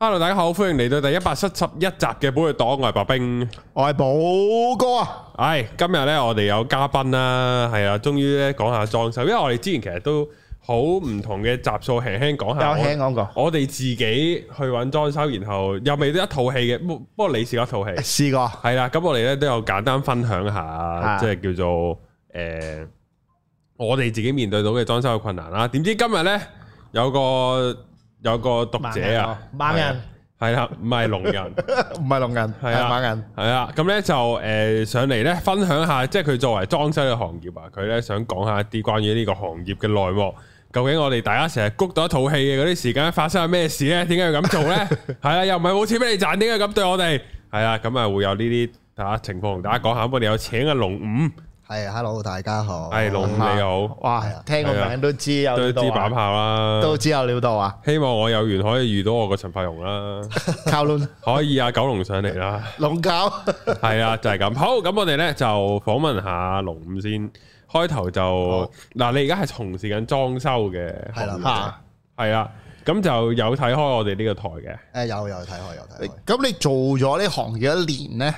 hello，大家好，歡迎嚟到第一百七十一集嘅寶藥黨，我係白兵，我係寶哥啊！唉，今日咧我哋有嘉賓啦，係啊，終於咧講下裝修，因為我哋之前其實都好唔同嘅集數，輕輕講下，輕輕講過，我哋自己去揾裝修，然後又未得一套戲嘅，不過你試過一套戲，試過，係啦，咁我哋咧都有簡單分享下，即係叫做誒，我哋自己面對到嘅裝修嘅困難啦。點知今日咧有個，有個讀者啊，猛人係啦，唔係龍人，唔係龍人，係啊， 猛的人係啊，咁咧就誒、呃、上嚟咧分享下，即係佢作為裝修嘅行業啊，佢咧想講下一啲關於呢個行業嘅內幕，究竟我哋大家成日谷到一套戲嘅嗰啲時間發生咗咩事咧？點解要咁做咧？係啊， 又唔係冇錢俾你賺，點解咁對我哋？係啊，咁啊會有呢啲啊情況同大家講下。我哋有請阿龍五。係，hello，大家好。係龍五你好，哇，聽個名都知有都知把炮啦，都知有料到啊。希望我有緣可以遇到我個陳柏榮啦，靠亂，可以啊，九龍上嚟啦，龍九，係啊，就係咁。好，咁我哋咧就訪問下龍五先。開頭就嗱，你而家係從事緊裝修嘅行業，係啦，係啦，咁就有睇開我哋呢個台嘅。誒，有有睇開，有睇開。咁你做咗呢行幾多年咧？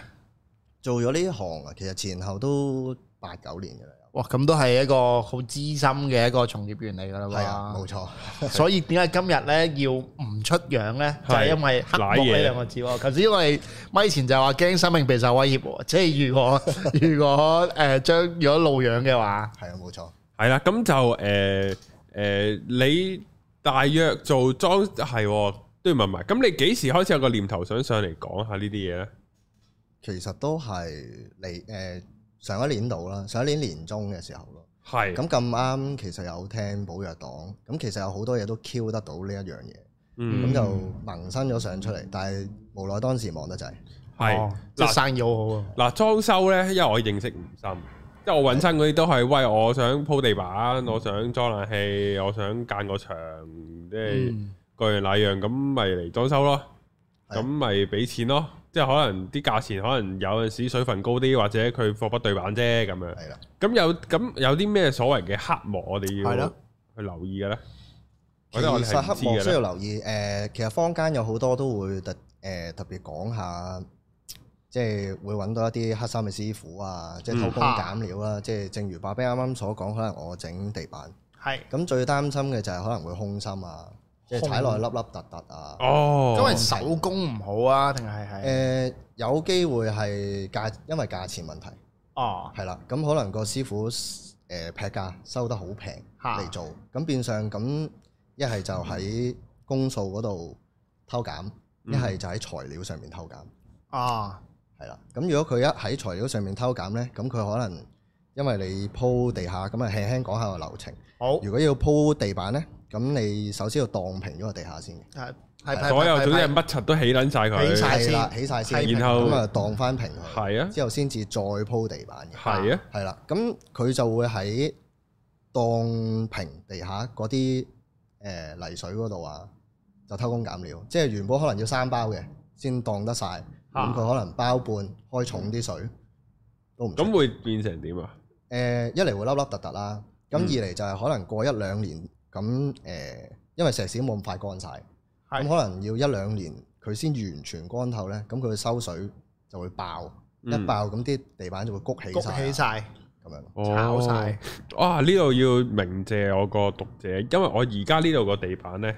做咗呢行啊，其實前後都。八九年嘅啦，哇！咁都係一個好資深嘅一個從業員嚟噶啦，係啊，冇錯。所以點解今日咧要唔出樣咧，就係因為黑幕呢兩個字。頭先因為咪前就話驚生命備受威脅，即係 如果如果誒將、呃、如果露樣嘅話，係啊，冇錯。係啦，咁就誒誒、呃呃，你大約做裝係都要問埋。咁你幾時開始有個念頭想上嚟講下呢啲嘢咧？其實都係你誒。呃上一年度啦，上一年年中嘅時候咯，係咁咁啱，其實有聽寶藥黨，咁其實有好多嘢都 Q 得到呢一樣嘢，咁、嗯、就萌生咗想出嚟，但係無奈當時忙得滯，係即生意好好、啊、喎。嗱、啊、裝修咧，因為我認識唔深，是因為我揾親嗰啲都係喂，我想鋪地板，我想裝冷氣，我想間個牆，即係各、嗯、樣那樣，咁咪嚟裝修咯，咁咪俾錢咯。即係可能啲價錢可能有陣時水分高啲，或者佢貨不對版啫咁樣。係啦的，咁有咁有啲咩所謂嘅黑幕我哋要去留意嘅咧？其實黑幕需要留意。誒、呃，其實坊間有好多都會特誒、呃、特別講下，即係會揾到一啲黑心嘅師傅啊，即係偷工減料啦、啊。嗯、即係正如白兵啱啱所講，可能我整地板，係咁的最擔心嘅就係可能會空心啊。即係踩落去粒粒突突啊！凹凹凹凹凹哦，因為手工唔好啊，定係係誒有機會係價，因為價錢問題哦，係啦，咁可能個師傅誒、呃、劈價收得好平嚟做，咁變相咁一係就喺公數嗰度偷減，一係、嗯、就喺材料上面偷減啊，係啦、哦，咁如果佢一喺材料上面偷減咧，咁佢可能因為你鋪地下咁啊輕輕講下個流程好，如果要鋪地板咧。咁你首先要蕩平咗個地下是先，係，所有總之乜柒都起捻晒佢，起晒先，起晒先，然後咁啊蕩翻平佢，係啊，之後先至再鋪地板嘅，係啊，係啦、啊，咁佢就會喺蕩平地下嗰啲誒泥水嗰度啊，就偷工減料，即係原本可能要三包嘅，先蕩得晒，咁佢、啊、可能包半，開重啲水，都唔，咁、啊嗯、會變成點啊？誒、呃，一嚟會凹凹凸凸啦，咁二嚟就係可能過一兩年。咁誒，因為石屎冇咁快乾曬，咁可能要一兩年佢先完全乾透咧。咁佢收水就會爆，一爆咁啲地板就會谷起，谷起曬咁樣，炒曬。哇！呢度要鳴謝我個讀者，因為我而家呢度個地板咧，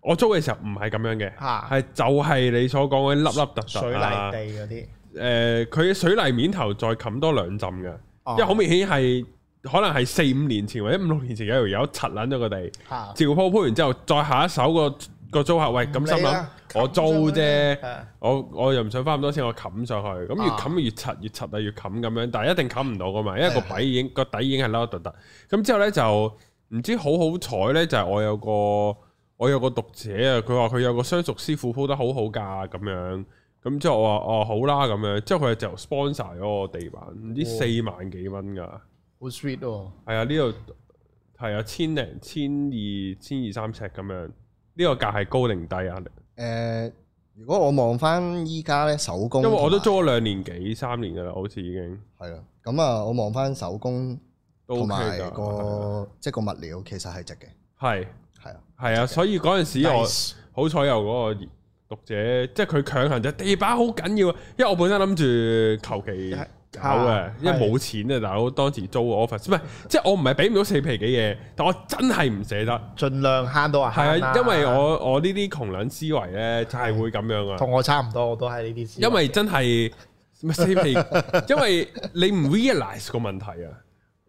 我租嘅時候唔係咁樣嘅，係就係你所講嗰啲凹凹凸凸水泥地嗰啲。誒，佢水泥面頭再冚多兩浸嘅，因為好明顯係。可能係四五年前或者五六年前有條友拆捻咗個地，照鋪，鋪完之後，再下一手個個租客，喂咁心諗、啊、我租啫，我、嗯、我又唔想花咁多錢，我冚上去，咁、嗯、的越冚越拆，越啊越冚咁樣，但係一定冚唔到噶嘛，因為個底已經個底的已經係凹凹凸凸。咁之後咧就唔知好好彩咧，就係我有個我有個讀者啊，佢話佢有個相熟師傅鋪得好好噶，咁樣，咁之後我話哦好啦咁樣，之後佢、哦、就 sponsor 咗個地板，唔知四萬幾蚊噶。哦好 sweet 喎！係、哦、啊，呢度係啊，千零千二千二三尺咁樣，呢、這個價係高定低啊？誒、呃，如果我望翻依家咧手工，因為我都租咗兩年幾三年噶啦，好似已經係啊。咁、那個、啊，我望翻手工都同埋個即係個物料，其實係值嘅。係係啊，係啊，的所以嗰陣時我 Nice 好彩有嗰個讀者，即係佢強行就地板好緊要，啊，因為我本身諗住求其。o 啊，因為冇錢啊，大佬，當時租個 office，唔係，即係我唔係俾唔到四皮幾嘢，但我真係唔捨得，盡量慳都係慳啦。係啊，啊啊因為我我呢啲窮卵思維咧，就係會咁樣啊。同我差唔多，我都係呢啲思維。因為真係咩四皮， 因為你唔 realize 個問題啊。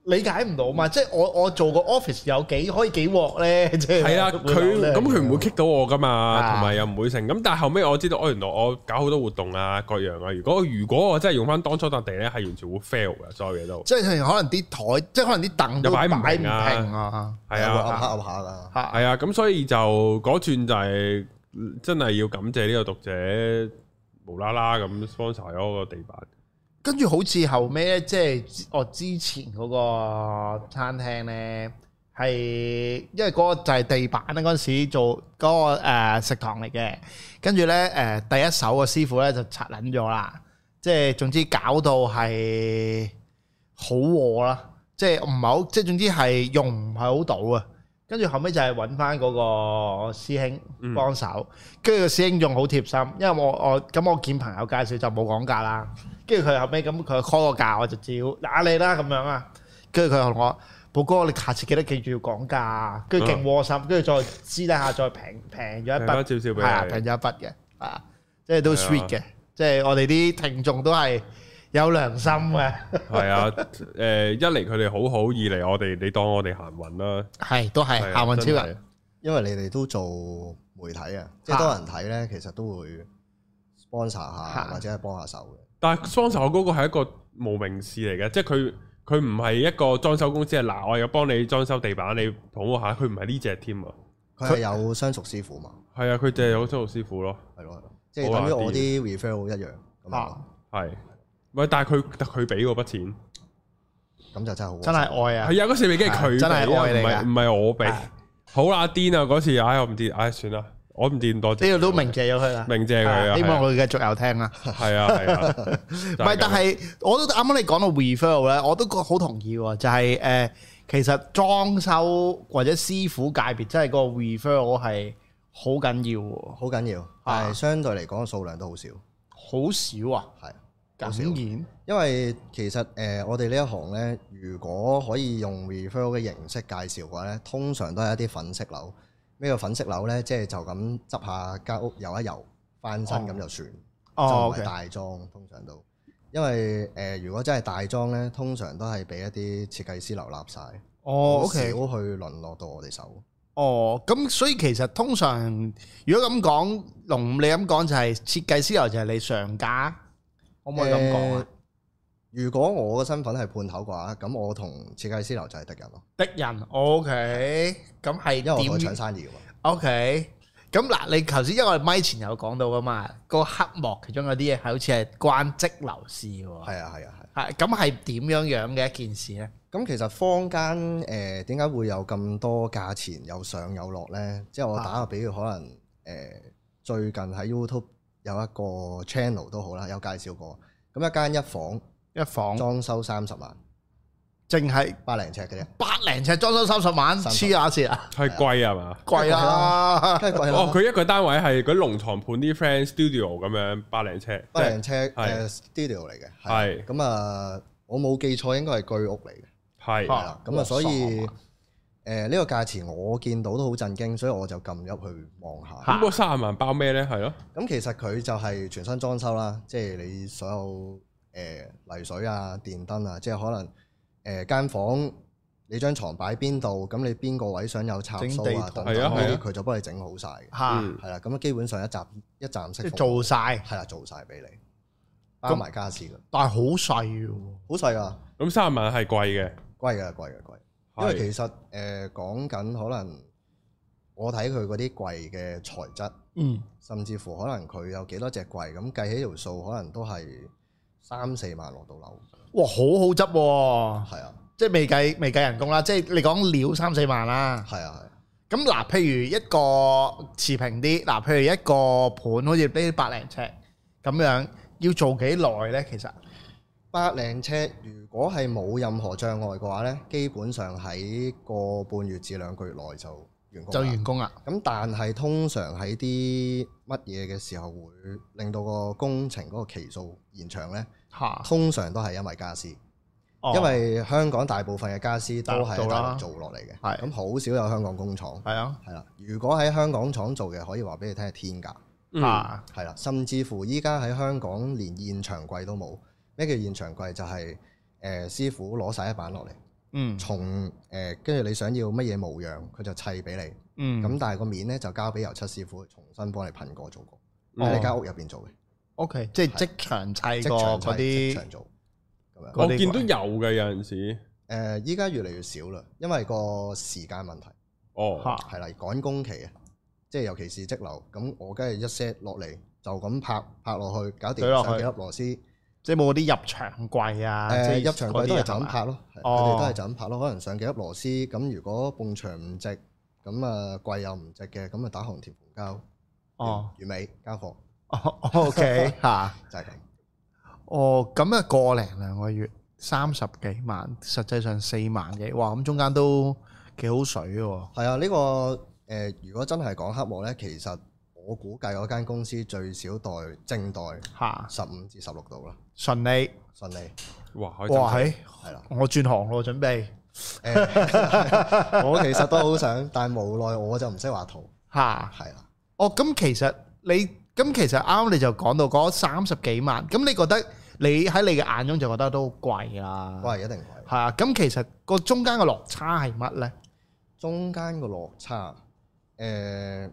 理解唔到嘛？即係我我做個 office 有幾可以幾鑊咧？即係係啦，佢咁佢唔會 kick 到我噶嘛，同埋又唔會成。咁但係後尾我知道，我原來我搞好多活動啊，各樣啊。如果如果我真係用翻當初笪地咧，係完全會 fail 嘅，所有嘢都即係可能啲台，即係可能啲凳就擺唔平啊，係啊，下噶，係啊，咁所以就嗰段就係真係要感謝呢個讀者無啦啦咁 sponsor 咗個地板。跟住好似後尾，咧，即係我之前嗰個餐廳咧，係因為嗰個就係地板咧，嗰陣時做嗰個食堂嚟嘅，跟住咧誒第一手個師傅咧就拆撚咗啦，即係總之搞到係好惡啦，即係唔係好，即係總之係用唔係好到啊！跟住後尾就係揾翻嗰個師兄幫手，跟住、嗯、個師兄仲好貼心，因為我我咁我，我見朋友介紹就冇講價啦。跟住佢後尾咁佢開個價我就照打你啦咁樣啊。跟住佢同我，寶哥你下次記得記住要講價。跟住勁窩心，跟住再私底下再平平咗一筆，係啊平咗一筆嘅啊，即係都 sweet 嘅，即係的我哋啲聽眾都係。有良心嘅，係啊，誒，一嚟佢哋好好，二嚟我哋，你當我哋行運啦，係，都係行運超人，因為你哋都做媒體啊，即係多人睇咧，其實都會 sponsor 下或者係幫下手嘅。但係 sponsor 嗰個係一個無名氏嚟嘅，即係佢佢唔係一個裝修公司啊。嗱，我又幫你裝修地板，你捧我下，佢唔係呢隻 team 啊。佢係有相熟師傅嘛？係啊他，佢淨係有相熟師傅咯。係咯、嗯，即係等於我啲 refer 一樣。啊，係的。的唔係，但係佢佢俾嗰筆錢，咁就真係真係愛啊！係啊，嗰時咪即係佢，唔係唔係我俾，的好啊癲啊！嗰時唉，我唔掂，唉算啦，我唔掂多謝。呢度都明謝咗佢啦，明謝佢啊！的的希望佢繼續有聽啦。係啊係啊，唔係 是但係，我都啱啱你講到 refer 咧，我都覺好同意喎。就係、是、誒、呃，其實裝修或者師傅界別，真係嗰個 refer，我係好緊要，好緊要，但係相對嚟講，數量都好少，好 少啊，係。少見，然因為其實誒我哋呢一行咧，如果可以用 referral 嘅形式介紹嘅話咧，通常都係一啲粉飾樓。咩叫粉飾樓咧？即係就咁執下間屋遊一遊，翻身咁就算，哦、就算大裝、哦 okay、通常都。因為誒，如果真係大裝咧，通常都係俾一啲設計師留納晒、哦 okay、好少去淪落到我哋手。哦，咁所以其實通常如果咁講，龍五你咁講就係、是、設計師樓就係你上架。可唔可以咁講，如果我嘅身份係判頭嘅話，咁我同設計師樓就係敵人咯。敵人，O K，咁係因為我搶生意嘅。O K，咁嗱，你頭先因為咪前有講到噶嘛，個黑幕其中有啲嘢係好似係關積樓市嘅。係啊係啊係。係咁係點樣樣嘅一件事咧？咁其實坊間誒點解會有咁多價錢有上有落咧？即係我打個比喻，啊、可能誒、呃、最近喺 YouTube。有一個 channel 都好啦，有介紹過。咁一間一房一房裝修三十萬，淨係百零尺嘅啫，百零尺裝修三十萬黐下線啊！係貴係嘛？貴啊，梗係貴啦。哦，佢一個單位係佢龍床盤啲 friend studio 咁樣，百零尺，百零尺誒 studio 嚟嘅。係咁啊，我冇記錯應該係居屋嚟嘅。係咁啊，所以。誒呢、呃呢個價錢我見到都好震驚，所以我就撳入去望下。咁個三十萬包咩咧？係咯，咁其實佢就係全新裝修啦，即係你所有誒、呃、泥水啊、電燈啊，即係可能誒、呃、間房你張床擺邊度，咁你邊個位想有插座啊等等，佢就幫你整好晒。嚇，係啦，咁基本上一集一站式。即係做晒，係啦、啊，做晒俾你，包埋家俬嘅。但係好細喎，好細啊！咁三十萬係貴嘅，貴嘅，貴嘅，貴。因為其實誒講緊可能我睇佢嗰啲櫃嘅材質，嗯，甚至乎可能佢有幾多隻櫃咁計起條數，可能都係三四萬落到樓。哇，好好執喎！係啊，啊即係未計未計人工啦，即係你講料三四萬啦。係啊，咁嗱，啊，譬如一個持平啲，嗱，譬如一個盤好似呢百零尺咁樣，要做幾耐咧？其實？八輛車，如果係冇任何障礙嘅話呢，基本上喺個半月至兩個月內就完工。就完工啦。咁但係通常喺啲乜嘢嘅時候會令到個工程嗰個期數延長呢？嚇哈，通常都係因為家私，哦、因為香港大部分嘅家私都係大陸做落嚟嘅，咁好吧少有香港工廠係啊，係啦的的。如果喺香港廠做嘅，可以話俾你聽係天價，係啦、嗯，甚至乎依家喺香港連現場櫃都冇。咩叫現場櫃？就係、是、誒、呃、師傅攞晒一板落嚟，嗯、從誒跟住你想要乜嘢模樣，佢就砌俾你。咁、嗯、但係個面咧就交俾油漆師傅重新幫你噴過做過喺、哦、你間屋入邊做嘅。O okay , K，是即係即場砌即嗰啲，即場做咁樣。些我見到有嘅有陣時誒，依、呃、家越嚟越少啦，因為個時間問題。哦，係啦哈，趕工期啊，即係尤其是積流咁，我梗係一 set 落嚟就咁拍拍落去，去，搞掂十幾粒螺絲。即係冇啲入牆櫃啊！誒，入牆櫃都係就咁拍咯，佢哋都係就咁拍咯。可能上幾粒螺絲，咁如果埲牆唔直，咁啊櫃又唔直嘅，咁啊打紅條膠。哦，完美交貨。哦，OK 嚇，就係。哦，咁啊，過零兩個月三十幾萬，實際上四萬幾。哇，咁中間都幾好水喎。係啊，呢個誒，如果真係講黑幕咧，其實～我估計嗰間公司最少代正代十五至十六度啦，順利，順利，哇，哇係，係啦，我轉行咯，準備。我其實都好想，但係無奈我就唔識畫圖。嚇，係啦。哦，咁其實你，咁其實啱啱你就講到嗰三十幾萬，咁你覺得你喺你嘅眼中就覺得都貴啦。貴一定貴。係啊，咁其實個中間嘅落差係乜咧？中間嘅落差，誒。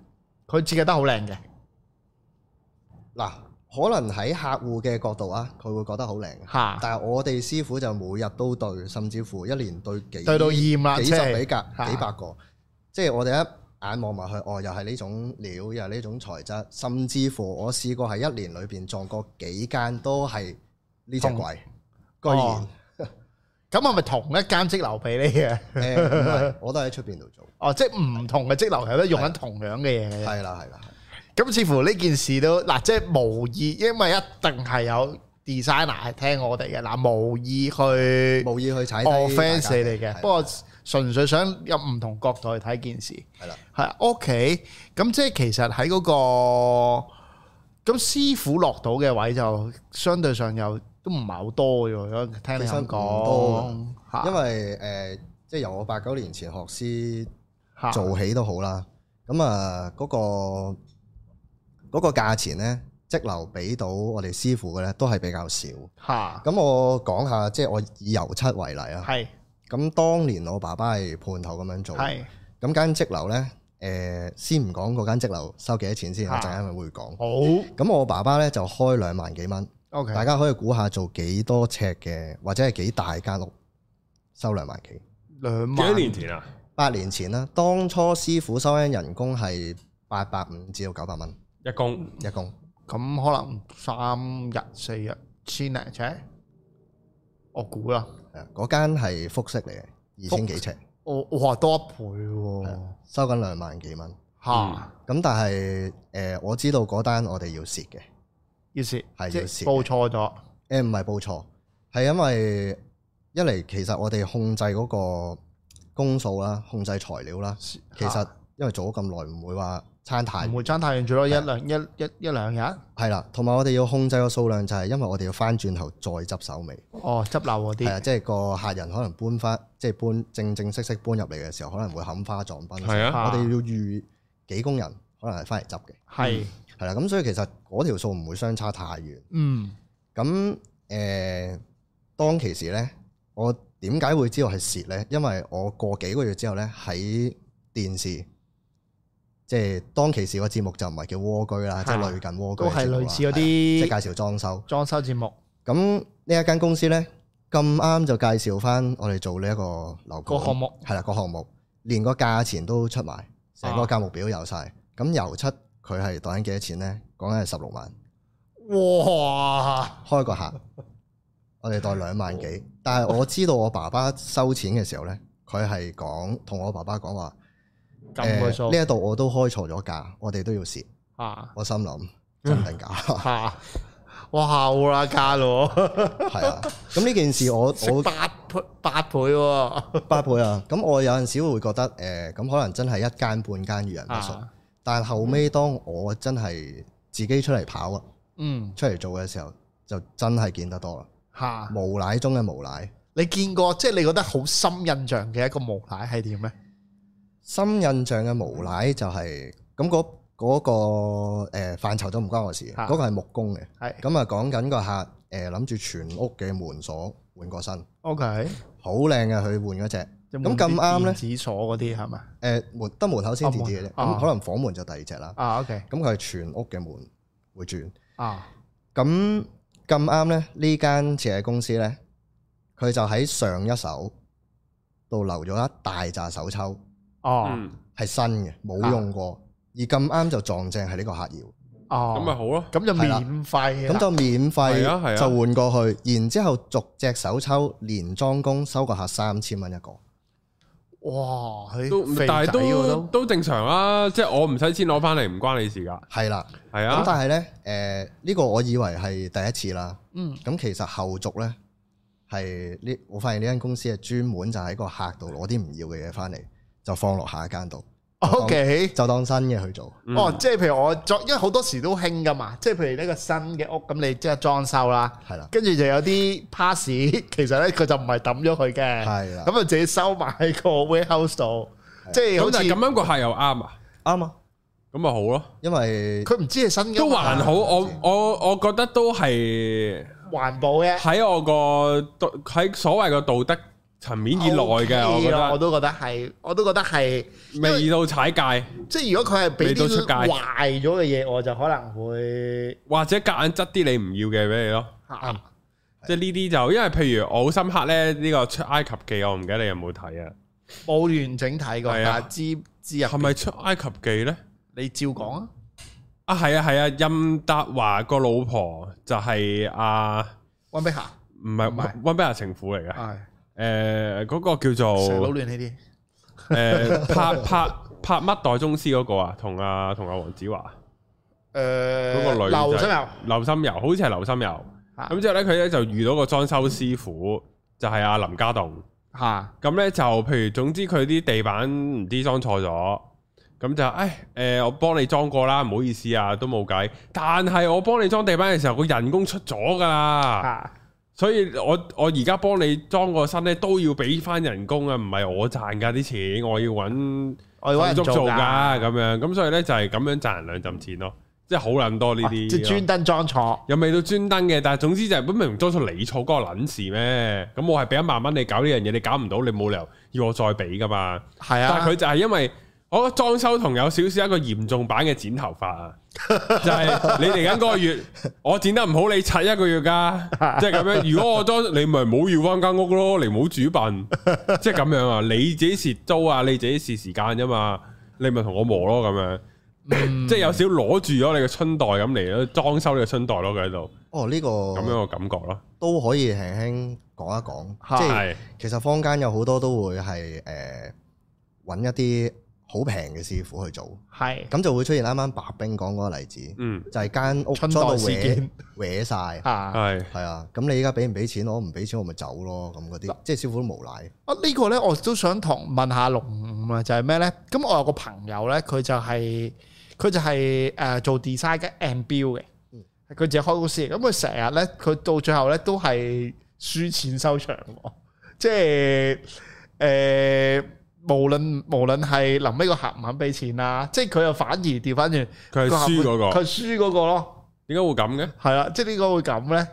佢設計得好靚嘅，嗱，可能喺客戶嘅角度啊，佢會覺得好靚。嚇哈！但係我哋師傅就每日都對，甚至乎一年對幾對到厭啦，即係幾十幾格，是幾百個，哈即係我哋一眼望埋去，哦，又係呢種料，又係呢種材質，甚至乎我試過喺一年裏邊撞過幾間都係呢隻櫃，嗯、居然、哦。咁係咪同一間則樓俾你嘅？我都喺出面度做。哦，即係唔同嘅則樓係咧用緊同樣嘅嘢嘅。係啦係啦係。咁似乎呢件事都嗱，即係無意，因為一定係有 designer 係聽我哋嘅嗱，無意去無意去踩我 fans 嚟嘅。不過純粹想有唔同角度去睇件事。係啦。係 OK，咁即係其實喺嗰個咁師傅落到嘅位就相對上有。都唔係好多嘅喎，聽你咁講，多是因為誒、呃，即係由我八九年前學師做起都好啦。咁啊是，嗰、呃那個嗰、那個價錢咧，積流俾到我哋師傅嘅咧，都係比較少。嚇是！咁我講下，即係我以油漆為例啊。係是。咁當年我爸爸係判頭咁樣做。係是。咁間積流咧，誒、呃，先唔講個間積流收幾多錢先，是我陣間咪會講。好。咁我爸爸咧就開兩萬幾蚊。O.K.，大家可以估下做幾多尺嘅，或者係幾大間屋收兩萬幾？兩萬幾年前啊？八年前啦，當初師傅收一人工係八百五至到九百蚊，一工一工。咁工可能三日四日千零尺，我估啦。係啊，嗰間係複式嚟嘅，福二千幾尺。我我話多一倍喎、啊，收緊兩萬幾蚊。吓、嗯？咁但係誒、呃，我知道嗰單我哋要蝕嘅。要蝕，意思是即係報錯咗。誒，唔係報錯，係因為一嚟，其實我哋控制嗰個公數啦，控制材料啦。其實因為做咗咁耐，唔會話餐太，唔會餐太遠，最多一兩一一一兩日係啦。同埋我哋要控制個數量，就係因為我哋要翻轉頭再執手尾。哦，執漏嗰啲。係啊，即係個客人可能搬翻，即係搬正正式式搬入嚟嘅時候，可能會冚花撞崩。係啊的。我哋要預幾工人，可能係翻嚟執嘅。係的。嗯係啦，咁所以其實嗰條數唔會相差太遠。嗯，咁誒、呃，當其時咧，我點解會知道係蝕咧？因為我過幾個月之後咧，喺電視，即係當其時個節目就唔係叫蝸居啦的，即係類近蝸居，都係類似嗰啲，即係介紹裝修、裝修節目。咁呢一間公司咧，咁啱就介紹翻我哋做呢一個樓盤，個項目係啦，個項目連個價錢都出埋，成個價目表有晒，咁油漆。佢係袋緊幾多錢咧？講緊係十六萬，哇！開個客，我哋袋兩萬幾。哇但係我知道我爸爸收錢嘅時候咧，佢係講同我爸爸講話，咁個數呢一度我都開錯咗價，我哋都要蝕啊！我心諗真定假？吓、啊，哇啦價咯，係 啊！咁呢件事我好八倍八倍，我八倍啊！咁、啊、我有陣時會覺得誒，咁、呃、可能真係一間半間遇人不淑。啊但後尾當我真係自己出嚟跑啊，嗯、出嚟做嘅時候，就真係見得多啦。啊、無賴中嘅無賴，你見過即係、就是、你覺得好深印象嘅一個無賴係點咩？深印象嘅無賴就係咁，嗰嗰個誒範疇都唔關我事，嗰、啊、個係木工嘅。係咁啊，講緊個，個客誒諗住全屋嘅門鎖換過身。O K，好靚嘅佢換嗰隻。咁咁啱咧，一般有有子鎖嗰啲係咪？誒門得門口先跌啲嘅啫，咁、啊、可能房門就第二隻啦。啊，OK。咁佢係全屋嘅門會轉。啊。咁咁啱咧，呢間設計公司咧，佢就喺上一手度留咗一大紮手抽。哦、啊嗯。係新嘅，冇用過。啊、而咁啱就撞正係呢個客要。哦、啊啊。咁咪好咯。咁的就免費。咁就免費。就換過去，然之後逐隻手抽連裝工收個客三千蚊一個。哇！都但係都都正常啊，即係 我唔使錢攞翻嚟唔關你的事噶。係啦了，係啊。咁但係呢，誒、呃、呢、呢個我以為係第一次啦。嗯。咁其實後續咧係呢，我發現呢間公司係專門就喺個客度攞啲唔要嘅嘢翻嚟，就放落下一間度。OK，就當新嘅去做。哦，即係譬如我作，因為好多時都興噶嘛。即係譬如呢個新嘅屋，咁你即係裝修啦，係啦。跟住就有啲 pass，其實咧佢就唔係抌咗佢嘅，係啦。咁啊，自己收埋喺個 warehouse 度，即係好似咁樣個客又啱啊，啱啊，咁咪好咯。因為佢唔知係新嘅，都還好。我我我覺得都係環保嘅。喺我個道，喺所謂嘅道德，層面以內嘅，我都覺得係，我都覺得係未到踩界。即係如果佢係未到出界，壞咗嘅嘢，我就可能會或者夾硬執啲你唔要嘅俾你咯。啱，即係呢啲就因為譬如我好深刻咧，呢個出埃及記，我唔記得你有冇睇啊？冇完整睇過。係啊，知知入。係咪出埃及記咧？你照講啊！啊，係啊係啊，任達華個老婆就係阿溫碧霞，唔係唔係溫碧霞情婦嚟嘅。係。誒，嗰、呃那個叫做搗亂呢啲，誒、呃，拍拍拍乜代宗師嗰個啊，同阿同阿黃子華，誒、呃，個女劉、就是、心柔，劉心柔，好似係劉心柔。咁之、啊、後咧，佢咧就遇到個裝修師傅，嗯、就係阿、啊、林家棟，吓、啊，咁咧就，譬如，總之佢啲地板唔知裝錯咗，咁就，誒、哎，誒、呃，我幫你裝過啦，唔好意思啊，都冇計，但係我幫你裝地板嘅時候，個人工出咗噶啦。所以我我而家幫你裝個新咧，都要俾翻人工啊！唔係我賺噶啲錢，我要揾我要人做㗎咁樣。咁所以咧就係咁樣賺人兩陣錢咯，即係好撚多呢啲、啊。即係專登裝錯，又未到專登嘅，但係總之就係、是、本明裝錯你錯嗰個撚事咩？咁我係俾一萬蚊你搞呢樣嘢，你搞唔到你冇理由要我再俾噶嘛？係啊，但係佢就係因為我裝修同有少少一個嚴重版嘅剪頭髮啊！ 就係你嚟緊嗰個月，我剪得唔好，你砌一個月噶、啊，即係咁樣。如果我裝，你咪唔好要翻間屋咯，你唔好主辦，即係咁樣啊！你自己蝕租啊，你自己蝕時間啫嘛，你咪同我磨咯咁樣，即係、嗯、有少少攞住咗你嘅春袋咁嚟咯，裝修你嘅春袋咯，佢喺度。哦，呢、這個咁樣嘅感覺咯，都可以輕輕講一講。的即係其實坊間有好多都會係誒，搵、呃、一啲。好平嘅師傅去做，係咁是就會出現啱啱白兵講嗰個例子，嗯、就係間屋裝到搲搲曬，係係光是啊，咁你而家俾唔俾錢？我唔俾錢，我咪走咯，咁嗰啲即係師傅都無賴。啊，這個、呢個咧我都想同問下龍五啊，就係咩咧？咁我有個朋友咧，佢就係、是、佢就係誒做 design 嘅 and build 嘅，佢、嗯、自己開公司，咁佢成日咧佢到最後咧都係輸錢收場，即係誒。呃呃無論無論係臨尾個客唔肯俾錢啊，即係佢又反而掉翻轉，佢係輸嗰個，佢輸個咯。點解會咁嘅？係啦，即係點解會咁咧。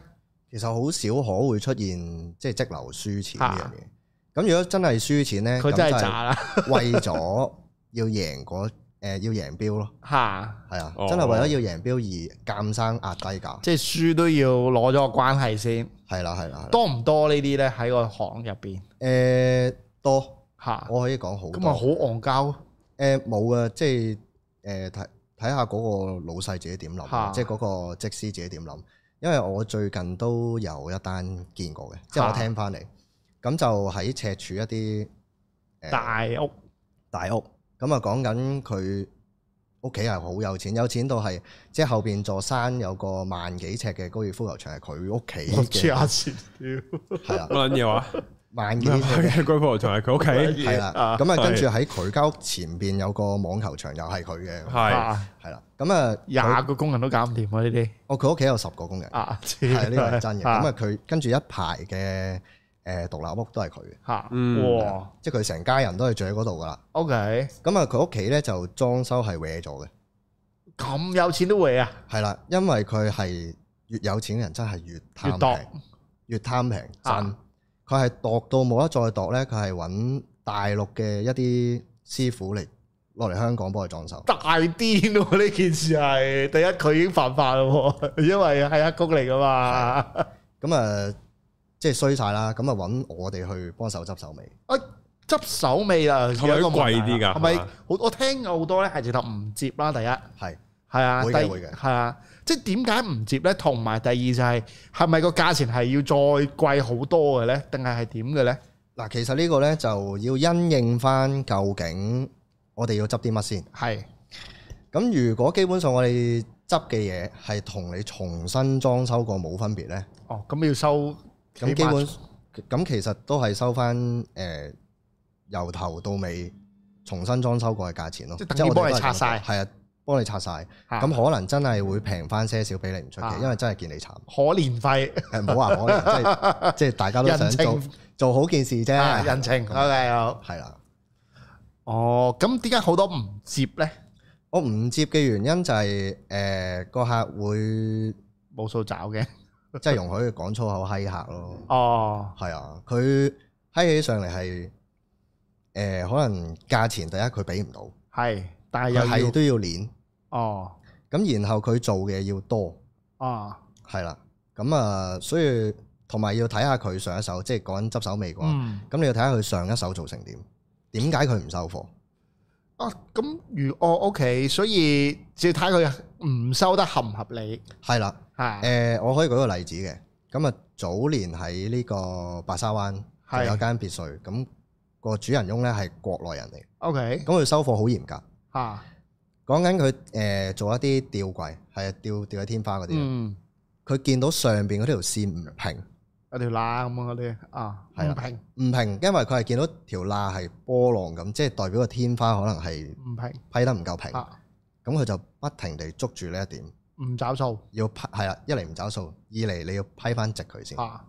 其實好少可會出現即係積流輸錢呢樣嘢。咁如果真係輸錢咧，佢真係詐啦。為咗要贏嗰誒要贏標咯，吓係啊，真係、呃啊啊 oh, oh. 為咗要贏標而鑒生壓低價，即係輸都要攞咗個關係先。係啦係啦，多唔多呢啲咧喺個行入邊？誒，多。嚇！我可以講好。咁、欸呃、啊，好戇交？誒冇啊，即係誒睇睇下嗰個老細自己點諗，即係嗰個職司自己點諗。因為我最近都有一單見過嘅，即係我聽翻嚟，咁、啊、就喺赤柱一啲大屋大屋，咁啊講緊佢屋企係好有錢，有錢到係即係後邊座山有個萬幾尺嘅高爾夫球場係佢屋企嘅。嚇！黐線，係啊！萬件嘅，佢老婆同係佢屋企，係啦。咁啊，跟住喺佢間屋前邊有個網球場，又係佢嘅，係係啦。咁啊，廿個工人都搞唔掂啊呢啲。哦，佢屋企有十個工人，係呢個係真嘅。咁啊，佢跟住一排嘅誒獨立屋都係佢嘅。吓，哇！即係佢成家人都係住喺嗰度噶啦。OK。咁啊，佢屋企咧就裝修係歪咗嘅。咁有錢都歪啊？係啦，因為佢係越有錢嘅人真係越貪平，越貪平真。佢係度到冇得再度咧，佢係揾大陸嘅一啲師傅嚟落嚟香港幫佢裝手。大癲咯、啊！呢件事係第一，佢已經犯法咯，因為係黑工嚟㗎嘛。咁啊 ，即係衰晒啦。咁啊，揾我哋去幫手執手尾。啊，執手尾啊，係咪貴啲㗎？係咪？好，我聽過好多咧，係直頭唔接啦。第一係。係啊，會嘅的係啊，即係點解唔接咧？同埋第二就係，係咪個價錢係要再貴好多嘅咧？定係係點嘅咧？嗱，其實呢個咧就要因應翻，究竟我哋要執啲乜先？係咁是，如果基本上我哋執嘅嘢係同你重新裝修過冇分別咧？哦，咁要收咁基本咁，其實都係收翻誒由頭到尾重新裝修過嘅價錢咯，即等我幫你拆晒，係啊。幫你拆晒，咁可能真係會平翻些少俾你唔出奇，因為真係見你慘。可憐費，唔好話可憐，即係即係大家都想做做好件事啫。人情，OK，好。係啦。哦，咁點解好多唔接咧？我唔接嘅原因就係誒個客會冇數找嘅，即係容許講粗口閪客咯。哦，係啊，佢閪起上嚟係誒可能價錢第一佢俾唔到，係，但係又係都要練。哦，咁然後佢做嘅嘢要多，啊、哦，係啦，咁啊，所以同埋要睇下佢上一、就是、手，即係講緊執手尾啩，咁你要睇下佢上一手做成點，點解佢唔收貨？啊，咁如哦 OK，所以只睇佢唔收得合唔合理？係啦的，係的，誒、呃，我可以舉個例子嘅，咁啊，早年喺呢個白沙灣係有間別墅，咁的個主人翁咧係國內人嚟，OK，咁佢收貨好嚴格，嚇。講緊佢誒做一啲吊櫃，係吊吊喺天花嗰啲。嗯，佢見到上邊嗰條線唔平，有條罅咁嗰啲啊，係啦，唔平，唔平，因為佢係見到條罅係波浪咁，即係代表個天花可能係唔平，批得唔夠平。平啊，咁佢就不停地捉住呢一點，唔找數，要批係啦，一嚟唔找數，二嚟你要批翻直佢先。啊，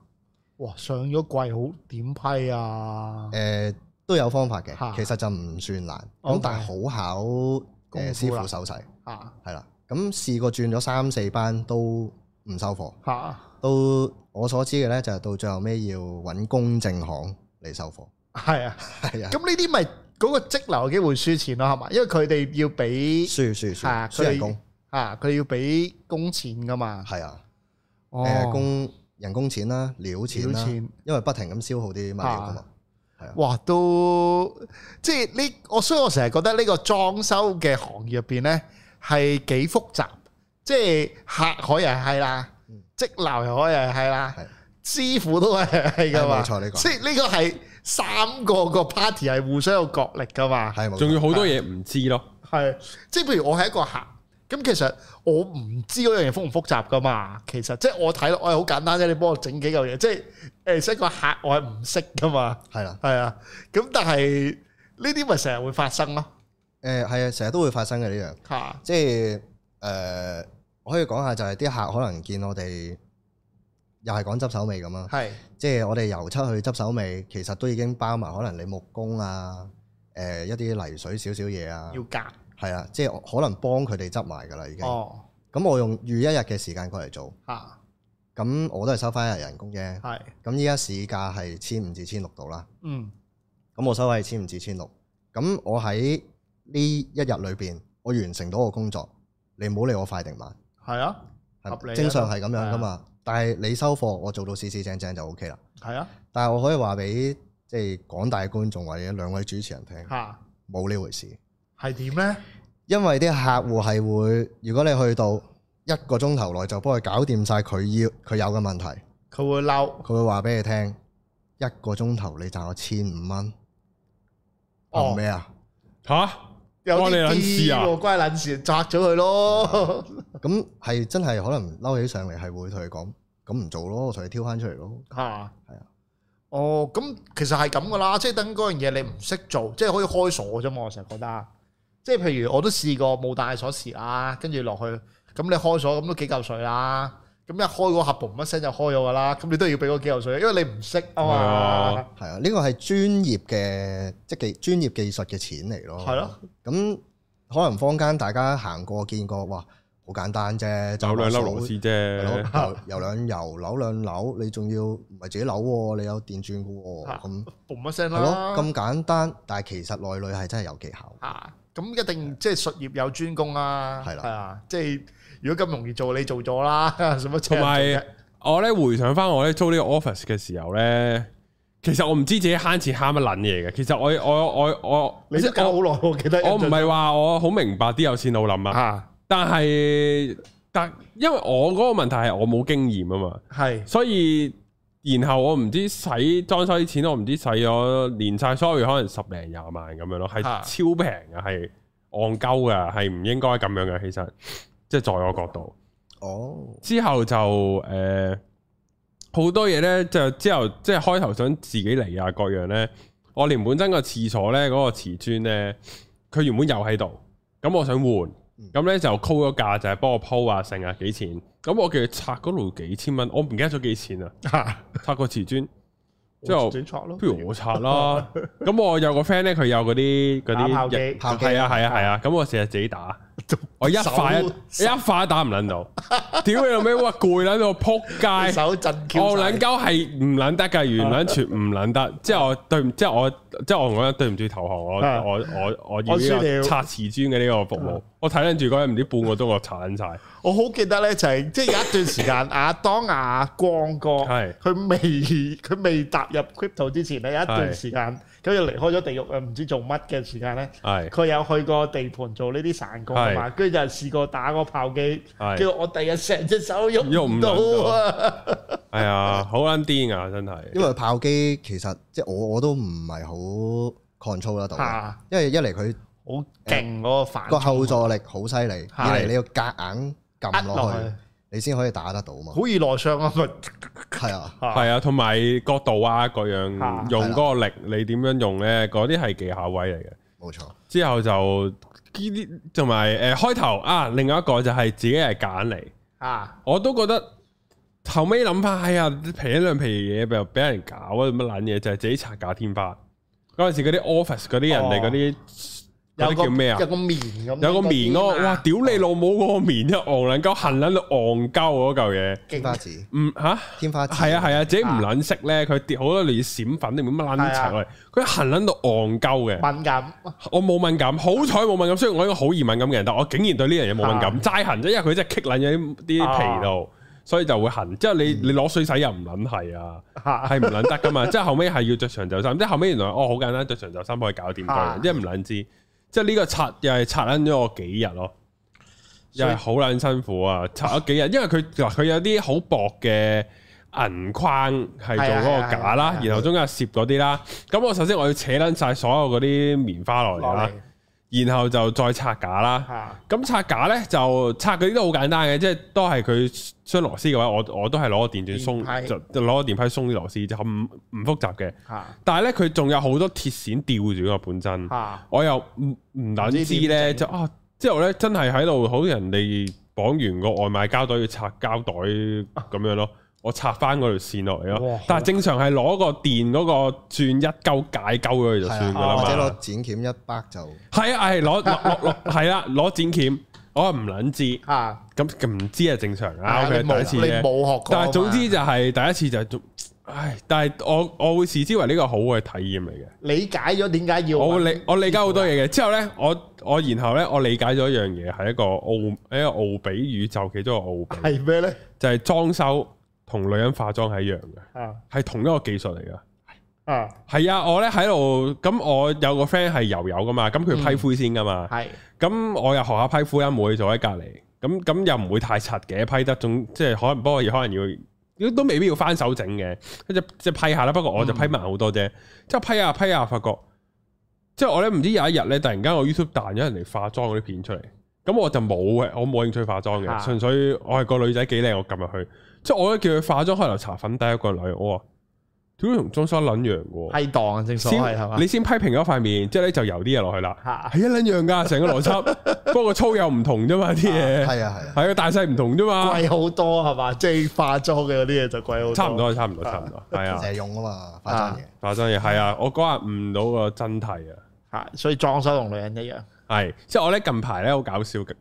哇，上咗櫃好點批啊？誒、啊，都有方法嘅，其實就唔算難，咁、啊、Okay。但係好考。誒，師傅手勢，係啦，啊，咁試過轉咗三四班都唔收貨，啊，到我所知嘅咧，就到最後尾要揾公證行嚟收貨，係啊，係啊的，咁呢啲咪嗰個積流機會輸錢咯，係嘛，因為佢哋要俾輸輸輸，佢，啊，工，啊，佢要俾工錢噶嘛，係啊的，誒，哦，工人工錢啦，料錢啦錢、啊，因為不停咁消耗啲物料嘛。啊哇！都即係呢，我所以我成日覺得呢個裝修嘅行業入邊呢，係幾複雜，即係客可以係啦，則樓又可以係啦，嗯、師傅都係係噶嘛，這個、即係呢個係三個個 party 係互相有角力噶嘛，仲要好多嘢唔知咯，係即係譬如我係一個客。咁其實我唔知嗰樣嘢複唔複雜噶嘛，其實即係我睇落，我係好簡單啫。你幫我整幾嚿嘢，即係誒，即係個客我係唔識噶嘛，係啦的，係啊。咁但係呢啲咪成日會發生咯。誒係啊，成日都會發生嘅呢樣。的即係誒、呃，我可以講下就係啲客可能見我哋又係講執手尾咁啊。係的，即係我哋由出去執手尾，其實都已經包埋可能你木工啊，誒、呃、一啲泥水少少嘢啊，要加。係啊，即係可能幫佢哋執埋噶啦，已經。哦。咁我用預一日嘅時間過嚟做。嚇、啊。咁我都係收翻一日人工啫。係。咁依家市價係千五至千六度啦。嗯。咁我收係千五至千六。咁我喺呢一日裏邊，我完成到個工作，你唔好理我快定慢。係啊。合理。正常係咁樣噶嘛。但係你收貨，我做到死死正，正正就 OK 啦。係啊。但係我可以話俾即係廣大觀眾或者兩位主持人聽。嚇。冇呢回事。係點咧？因為啲客戶係會，如果你去到一個鐘頭內就幫佢搞掂晒佢要佢有嘅問題，佢會嬲，佢會話俾你聽一個鐘、哦、頭你賺我千五蚊，哦咩啊吓？有關你卵事喎，關你卵事，砸咗佢咯。咁係真係可能嬲起上嚟係會同佢講，咁唔做咯，我同你挑翻出嚟咯。吓係啊。啊哦，咁其實係咁噶啦，即係等嗰樣嘢你唔識做，即係可以開鎖啫嘛。我成日覺得。即係譬如我都試過冇帶鎖匙啊，跟住落去，咁你開鎖咁都幾嚿水啦。咁一開個盒 boom 一聲就開咗噶啦。咁你都要俾嗰幾嚿水，因為你唔識啊嘛。係啊，呢個係專業嘅即係技專業技術嘅錢嚟咯。係咯、啊，咁可能坊間大家行過見過，哇，好簡單啫，就兩溜螺絲啫，油兩油，扭兩扭，你仲要唔係自己扭，你有電鑽噶喎，咁 boom 一聲係咯，咁簡單，但係其實內裏係真係有技巧。咁一定即係術業有專攻啊！係啦的，即係如果咁容易做，你做咗啦。同埋，我咧回想翻我咧租呢個 office 嘅時候咧，其實我唔知自己慳錢慳乜撚嘢嘅。其實我我我我，你都係搞好耐，我記得。我唔係話我好明白啲有錢佬諗啊的，但係但因為我嗰個問題係我冇經驗啊嘛，係的，所以。然後我唔知使裝修啲錢我，我唔知使咗年晒 sorry，可能十零廿萬咁樣咯，係超平嘅，係戇鳩嘅，係唔應該咁樣嘅，其實即係在我角度。哦之、呃。之後就誒好多嘢咧，就之後即係開頭想自己嚟啊各樣咧，我連本身個廁所咧嗰、那個瓷磚咧，佢原本有喺度，咁我想換。咁咧、嗯、就 call 咗價就係幫我鋪啊剩啊幾錢？咁我叫佢拆嗰度幾千蚊，我唔記得咗幾錢啦。拆個瓷磚之後，譬如我拆咯。咁我，我有個 friend 咧，佢有嗰啲嗰啲人，係啊係啊係啊，咁、啊啊啊嗯啊啊啊啊、我成日自己打。我一發一，一發打唔捻到，屌你老尾，我攰捻到扑街，手震我捻膠係唔捻得噶，完捻全唔捻得，即係我對，即係我，即係我同我對唔住投降，我我我我要拆瓷磚嘅呢個服務，我睇捻住嗰日唔知半個鐘我擦捻晒，我好記得咧就係即係有一段時間阿當阿光哥，係佢未佢未踏入 crypto 之前咧有一段時間。跟住離開咗地獄啊！唔知做乜嘅時間咧，佢是有去過地盤做呢啲散工啊嘛，跟住是就試過打個炮機，是叫我第日成隻手喐唔到啊！係啊，好、哎、癲 啊！真係，因為炮機其實即係我我都唔係好 control 得到，啊、因為一嚟佢好勁嗰個反個、呃、後座力好犀利，啊、二嚟你要夾硬撳落去。你先可以打得到嘛？好易內傷啊！係啊，係啊，同埋角度啊，各樣用嗰個力，啊啊、你點樣用咧？嗰啲係技巧位嚟嘅，冇錯。之後就呢啲，同埋誒開頭啊，另外一個就係自己係揀嚟啊！我都覺得後尾諗翻，哎呀，皮一兩皮嘢，又俾人搞，啊，乜撚嘢就係、是、自己拆假天花嗰陣時 ice,，嗰啲 office 嗰啲人哋嗰啲。有個叫咩啊？有個棉咁，有個棉咯，哇！屌你老母嗰個棉，又戇撚鳩，痕撚到戇鳩嗰嚿嘢。天花紙。嗯吓？天花紙。係啊係啊，自己唔撚識咧，佢跌好多你閃粉定乜撚嘢出嚟，佢痕撚到戇鳩嘅。敏感。我冇敏感，好彩冇敏感，雖然我係一個好易敏感嘅人，但我竟然對呢樣嘢冇敏感，齋痕啫，因為佢真係棘撚咗啲啲皮度，所以就會痕。即係你你攞水洗又唔撚係啊，係唔撚得噶嘛。即係後尾係要着長袖衫，即係後尾原來哦好簡單，着長袖衫可以搞掂佢，即係唔撚知。即係呢個拆又係拆捻咗我幾日咯，所以又係好捻辛苦啊！拆咗幾日，啊、因為佢嗱佢有啲好薄嘅銀框係做嗰個架啦，啊啊啊啊、然後中間攝嗰啲啦，咁、啊、我首先我要扯捻晒所有嗰啲棉花落嚟啦。然後就再拆架啦，咁、啊、拆架呢，就拆嗰啲都好簡單嘅，即係都係佢雙螺絲嘅話，我我都係攞個電鑽鬆，批就攞個電批鬆啲螺絲，就唔唔複雜嘅。啊、但係呢，佢仲有好多鐵線吊住個本身，啊、我又唔唔諗知呢，知呢就啊之後呢，真係喺度，好似人哋綁完個外賣膠袋要拆膠袋咁、啊、樣咯。我拆翻嗰條線落嚟咯，哇但係正常係攞個電嗰個轉一勾解勾咗佢就算噶啦、啊，或者攞剪鉗一掰就係啊，係攞攞係啦，攞、 啊、剪鉗我唔捻知吓，咁唔、啊、知係正常啊。第一次冇、啊、學過但係總之就係第一次就係、唉，但係我我會視之為呢個好嘅體驗嚟嘅。理解咗點解要我理我理解好多嘢嘅，之後咧我我然後咧我理解咗一樣嘢，係一個奧一個奧比宇宙其中一個奧比係咩咧？呢就係裝修。同女人化妝係一樣嘅，係、啊、係同一個技術嚟嘅。啊，係啊，我咧喺度，咁我有個 friend 係油油噶嘛，咁佢批灰先噶嘛，係、嗯。咁我又學下批灰，冇嘢做喺隔離。咁咁又唔會太柒嘅，批得仲，即係可能不過可，可能要都未必要翻手整嘅。跟住即係批下啦。不過我就批埋好多啫。之後、嗯、批下批下，批下發覺即係我咧唔知有一日咧，突然間我 YouTube 彈咗人嚟化妝啲片出嚟。咁我就冇嘅，我冇興趣化妝嘅，啊、純粹我係個女仔幾靚，我撳入去。即係我咧叫佢化妝開頭搽粉底一個女，我話點解同裝修撚樣嘅？批盪啊，正所謂係嘛？你先批評咗塊面，之後咧就油啲嘢落去啦。吓係一撚樣噶成個邏輯，不過粗幼唔同啫嘛啲嘢。係啊係，係啊大細唔同啫嘛。貴好多係嘛？即係化妝嘅嗰啲嘢就貴好多。差唔多差唔多差唔多。係啊，成日用啊嘛化妝嘢。化妝嘢係啊，我講話唔到個真諦啊。吓，所以裝修同女人一樣。係，即係我咧近排咧好搞笑嘅。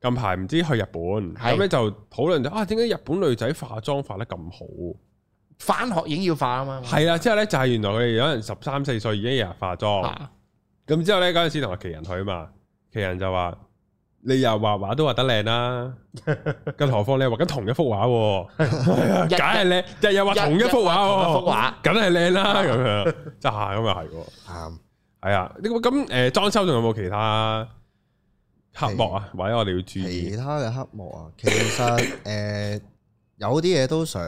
近排唔知去日本，咁咧是就討論到啊，點解日本女仔化妝化得咁好？翻學已經要化啊嘛，係啦。之後咧就係原來佢有人十三四歲已經日日化妝，咁的之後咧嗰陣時同阿奇人去啊嘛，奇人就話你又畫畫都畫得靚啦，啊，更何況你畫緊同一幅畫，梗係靚。又又畫同一幅畫， 畫幅畫梗係靚啦。咁樣就係咁又係，啱係啊。呢個咁誒，裝修仲有冇其他？黑幕啊，是或者我哋要注意。其他嘅黑幕啊，其實誒、 呃、有啲嘢都想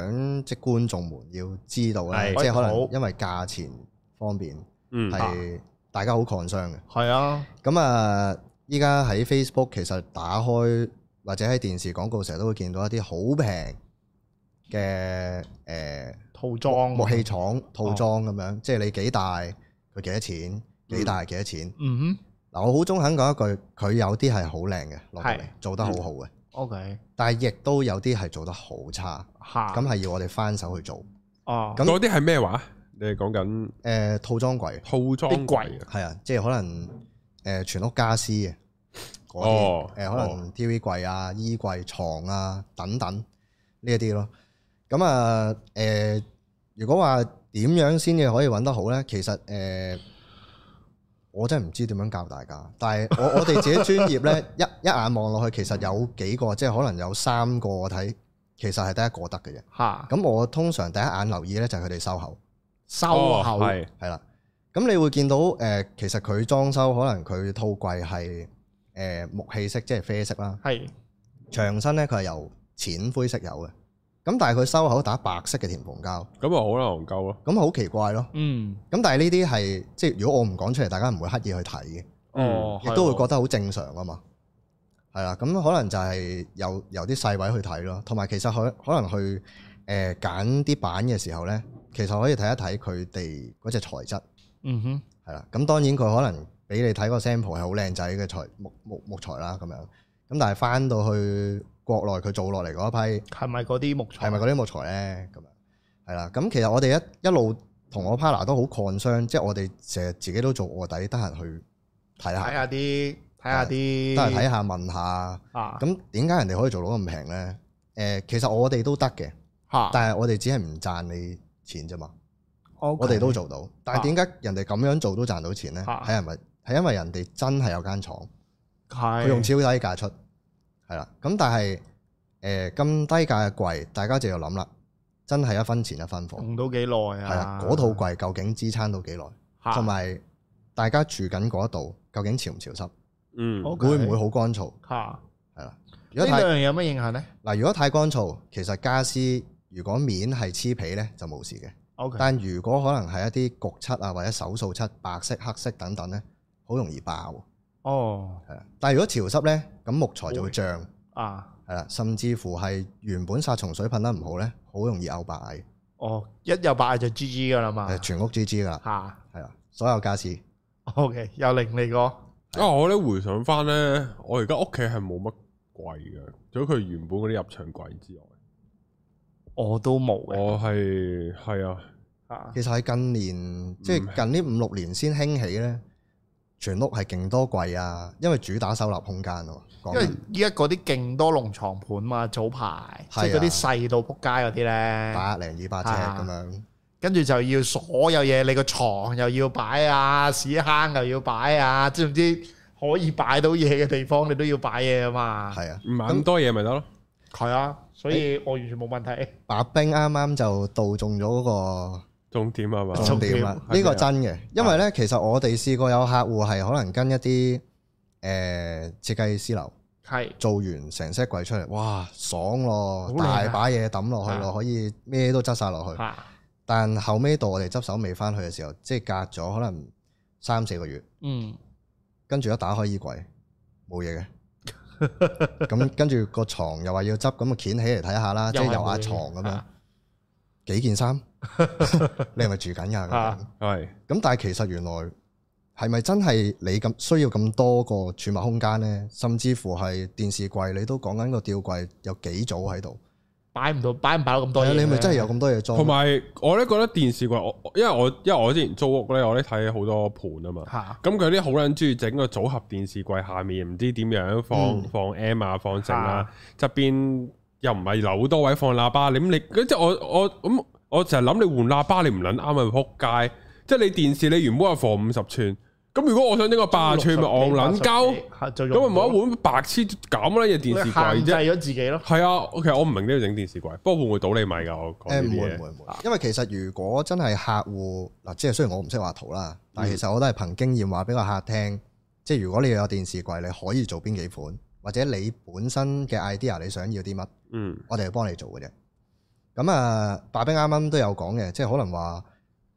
即係觀眾們要知道咧，是即係可能因為價錢方面，嗯係大家好抗商嘅。係啊，咁啊依家、呃、喺 Facebook 其實打開或者喺電視廣告成日都會見到一啲好平嘅誒套裝木器廠套裝咁樣，哦、即係你幾大佢幾多錢，幾、嗯、大幾多錢。嗯哼。嗱，我好中肯講一句，佢有啲係好靚嘅，攞嚟是做得好好嘅。OK，但係亦都有啲係做得好差，咁係哈要我哋翻手去做。哦、啊，咁嗰啲係咩話？你係講緊誒套裝櫃，套裝櫃係啊，即係可能誒、呃、全屋家私嘅啲，誒、哦呃、可能 T V 櫃啊、衣櫃、床啊等等呢一啲咯。咁啊誒，如果話點樣先至可以揾得好咧？其實誒。呃我真係唔知點樣教大家，但係我我哋自己專業呢， 一一眼望落去，其實有幾個，即係可能有三個，我睇其實係得一個得嘅啫。嚇哈！咁我通常第一眼留意呢，就係佢哋收口，哦、收口係啦。咁是你會見到誒、呃，其實佢裝修可能佢套櫃係誒木器色，即係啡色啦。係牆是身呢，佢係由淺灰色有嘅。咁但係佢收口打白色嘅填縫膠，咁啊好難溝咯，咁好奇怪咯。嗯，咁但係呢啲係即係如果我唔講出嚟，大家唔會刻意去睇嘅。哦，亦都會覺得好正常啊嘛。係啦、哦，咁可能就係由由啲細位去睇咯。同埋其實佢可能去誒揀啲板嘅時候咧，其實可以睇一睇佢哋嗰隻材質。嗯哼，係啦。咁當然佢可能俾你睇個 sample 係好靚仔嘅材木木木材啦咁樣。咁但係返到去。國內佢做落嚟嗰一批，係咪嗰啲木材？係咪嗰啲木材咧？咁樣係啦。咁其實我哋一一路同我 partner 都好擴商，即係我哋成日自己都做臥底，得閒去睇下啲，睇下啲，得閒睇下問下。咁點解人哋可以做到咁平咧？誒、呃，其實我哋都得嘅，啊、但係我哋只係唔賺你錢啫嘛。Okay, 我哋都做到。但係點解人哋咁樣做都賺到錢咧？係因為係因為人哋真係有間廠，係佢用超低價出。係啦，咁但係誒咁低價嘅櫃，大家就要諗啦，真係一分錢一分貨。用到幾耐啊？係啦，嗰套櫃究竟支撐到幾耐？同埋、啊、大家住緊嗰度究竟潮唔潮濕？嗯，okay, 會唔會好乾燥？嚇、啊，係啦。呢兩樣有乜影響咧？嗱，如果太乾燥，其實家私如果面係黐皮咧就冇事嘅。O K。但如果可能係一啲焗漆啊或者手掃漆、白色、黑色等等咧，好容易爆。哦，係啊、oh.！但係如果潮濕咧，咁木材就會漲啊，係啦 Okay .、ah.，甚至乎係原本殺蟲水噴得唔好咧，好容易咬白蟻。哦，oh, 一有白蟻就 GG 噶啦嘛，誒，全屋 GG 啦，嚇，係啊，所有傢俬。O K，又另你個，因為啊，我咧回想翻咧，我而家屋企係冇乜櫃嘅，除咗佢原本嗰啲入場櫃之外，我都冇。我係係啊，嚇，其實係近年即係、嗯、近呢五六年先興起咧。全屋係勁多櫃啊，因為主打收納空間嘛、啊。因為依家嗰啲勁多龍床盤嘛，早排、啊、即係嗰啲細到撲街嗰啲咧，百零二百尺咁樣。跟住、啊、就要所有嘢，你個床又要擺啊，屎坑又要擺啊，知唔知可以擺到嘢嘅地方你都要擺嘢啊嘛。係啊，唔係咁多嘢咪得咯。係啊，所以我完全冇問題。白兵啱啱就道中咗嗰、那個。重點啊嘛，重點啊，呢個真嘅，因為咧，其實我哋試過有客戶係可能跟一啲誒設計師樓係做完成 set 櫃出嚟，哇，爽咯，大把嘢抌落去咯，可以咩都執晒落去。但後尾到我哋執手尾翻去嘅時候，即係隔咗可能三四個月，嗯，跟住一打開衣櫃冇嘢嘅，咁跟住個床又話要執，咁啊，掀起嚟睇下啦，即係有下床咁樣，幾件衫。 你係咪住緊呀？係咁，啊，但係其實原來係咪真係你咁需要咁多個儲物空間咧？甚至乎係電視櫃，你都講緊個吊櫃有幾組喺度，擺唔到，擺唔擺到咁多嘢？你係咪真係有咁多嘢裝？同埋我咧覺得電視櫃，我因為我因為我之前租屋咧，我咧睇，啊，好多盤啊嘛。咁佢啲好捻中意整個組合電視櫃，下面唔知點樣放，嗯、放 M 啊，放成啦，啊，側邊，啊、又唔係留多位放喇叭。你你，你即係我我咁。我嗯我成日諗你換喇叭，你唔捻啱咪撲街。即係、就是、你電視你原本係放五十寸，咁如果我想整個八寸咪戇捻鳩，咁咪一碗白痴咁咧嘢電視櫃啫。限制咗自己咯。係啊，其、okay, 實我唔明點解要整電視櫃，不過會唔會倒你賣噶？我講呢啲嘢。唔會唔會唔會，因為其實如果真係客戶嗱，即係雖然我唔識畫圖啦，但係其實我都係憑經驗話俾個客聽。嗯、即係如果你有電視櫃，你可以做邊幾款，或者你本身嘅 idea 你想要啲乜？嗯，我哋係幫你做嘅啫。咁啊，白、嗯、兵啱啱都有講嘅，即係可能話，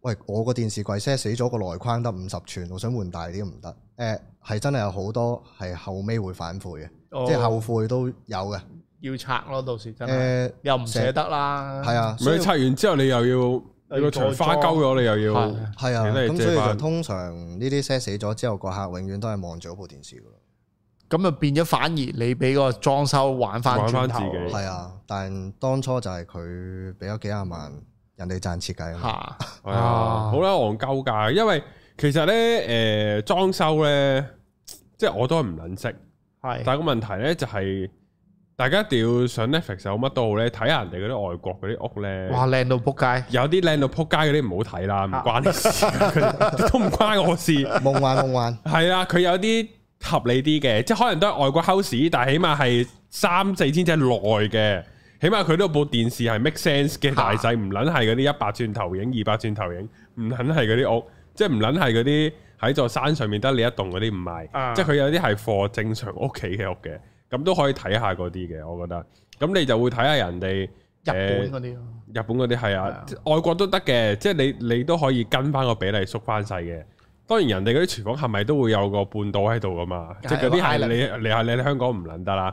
喂，我個電視櫃 set 死咗個內框得五十吋，我想換大啲唔得，誒、呃，係真係有好多係後尾會反悔嘅，哦、即係後悔都有嘅，要拆咯，到時真係，呃、又唔捨得啦，係啊，所以拆完之後你又要，你個牆花鳩咗，你又要，係啊，咁、啊、所以就通常呢啲 set 死咗之後，個客永遠都係望住嗰部電視㗎。咁就變咗， 反而你俾個裝修玩翻自己。係啊！但當初就係佢俾咗幾廿萬，人哋賺設計吓，係啊！好啦，戇鳩噶，因為其實咧，誒，裝修咧，即係我都係唔撚識，係。對了 但係個問題咧就係，大家一定要上 Netflix，乜都好咧，睇下人哋嗰啲外國嗰啲屋咧。哇，靚到撲街！有啲靚到撲街嗰啲唔好睇啦，唔關你事，都唔關我事，夢幻夢幻。係啊，佢有啲。合理啲嘅，即係可能都係外國 house，但係起碼係三四千呎內嘅，起碼佢都部電視係 make sense 嘅大細，唔撚係嗰啲一百寸投影、二百寸投影，唔撚係嗰啲屋，即係唔撚係嗰啲喺座山上面得你一棟嗰啲，唔係，啊、即係佢有啲係貨正常的屋企嘅屋嘅，咁都可以睇下嗰啲嘅，我覺得。咁你就會睇下人哋日本嗰啲，呃、日本嗰啲係啊，啊外國都得嘅，即係你你，你都可以跟翻個比例縮翻細嘅。當然人哋嗰啲廚房係咪都會有個半島喺度㗎嘛？即係嗰啲係你你係你喺香港唔撚得啦。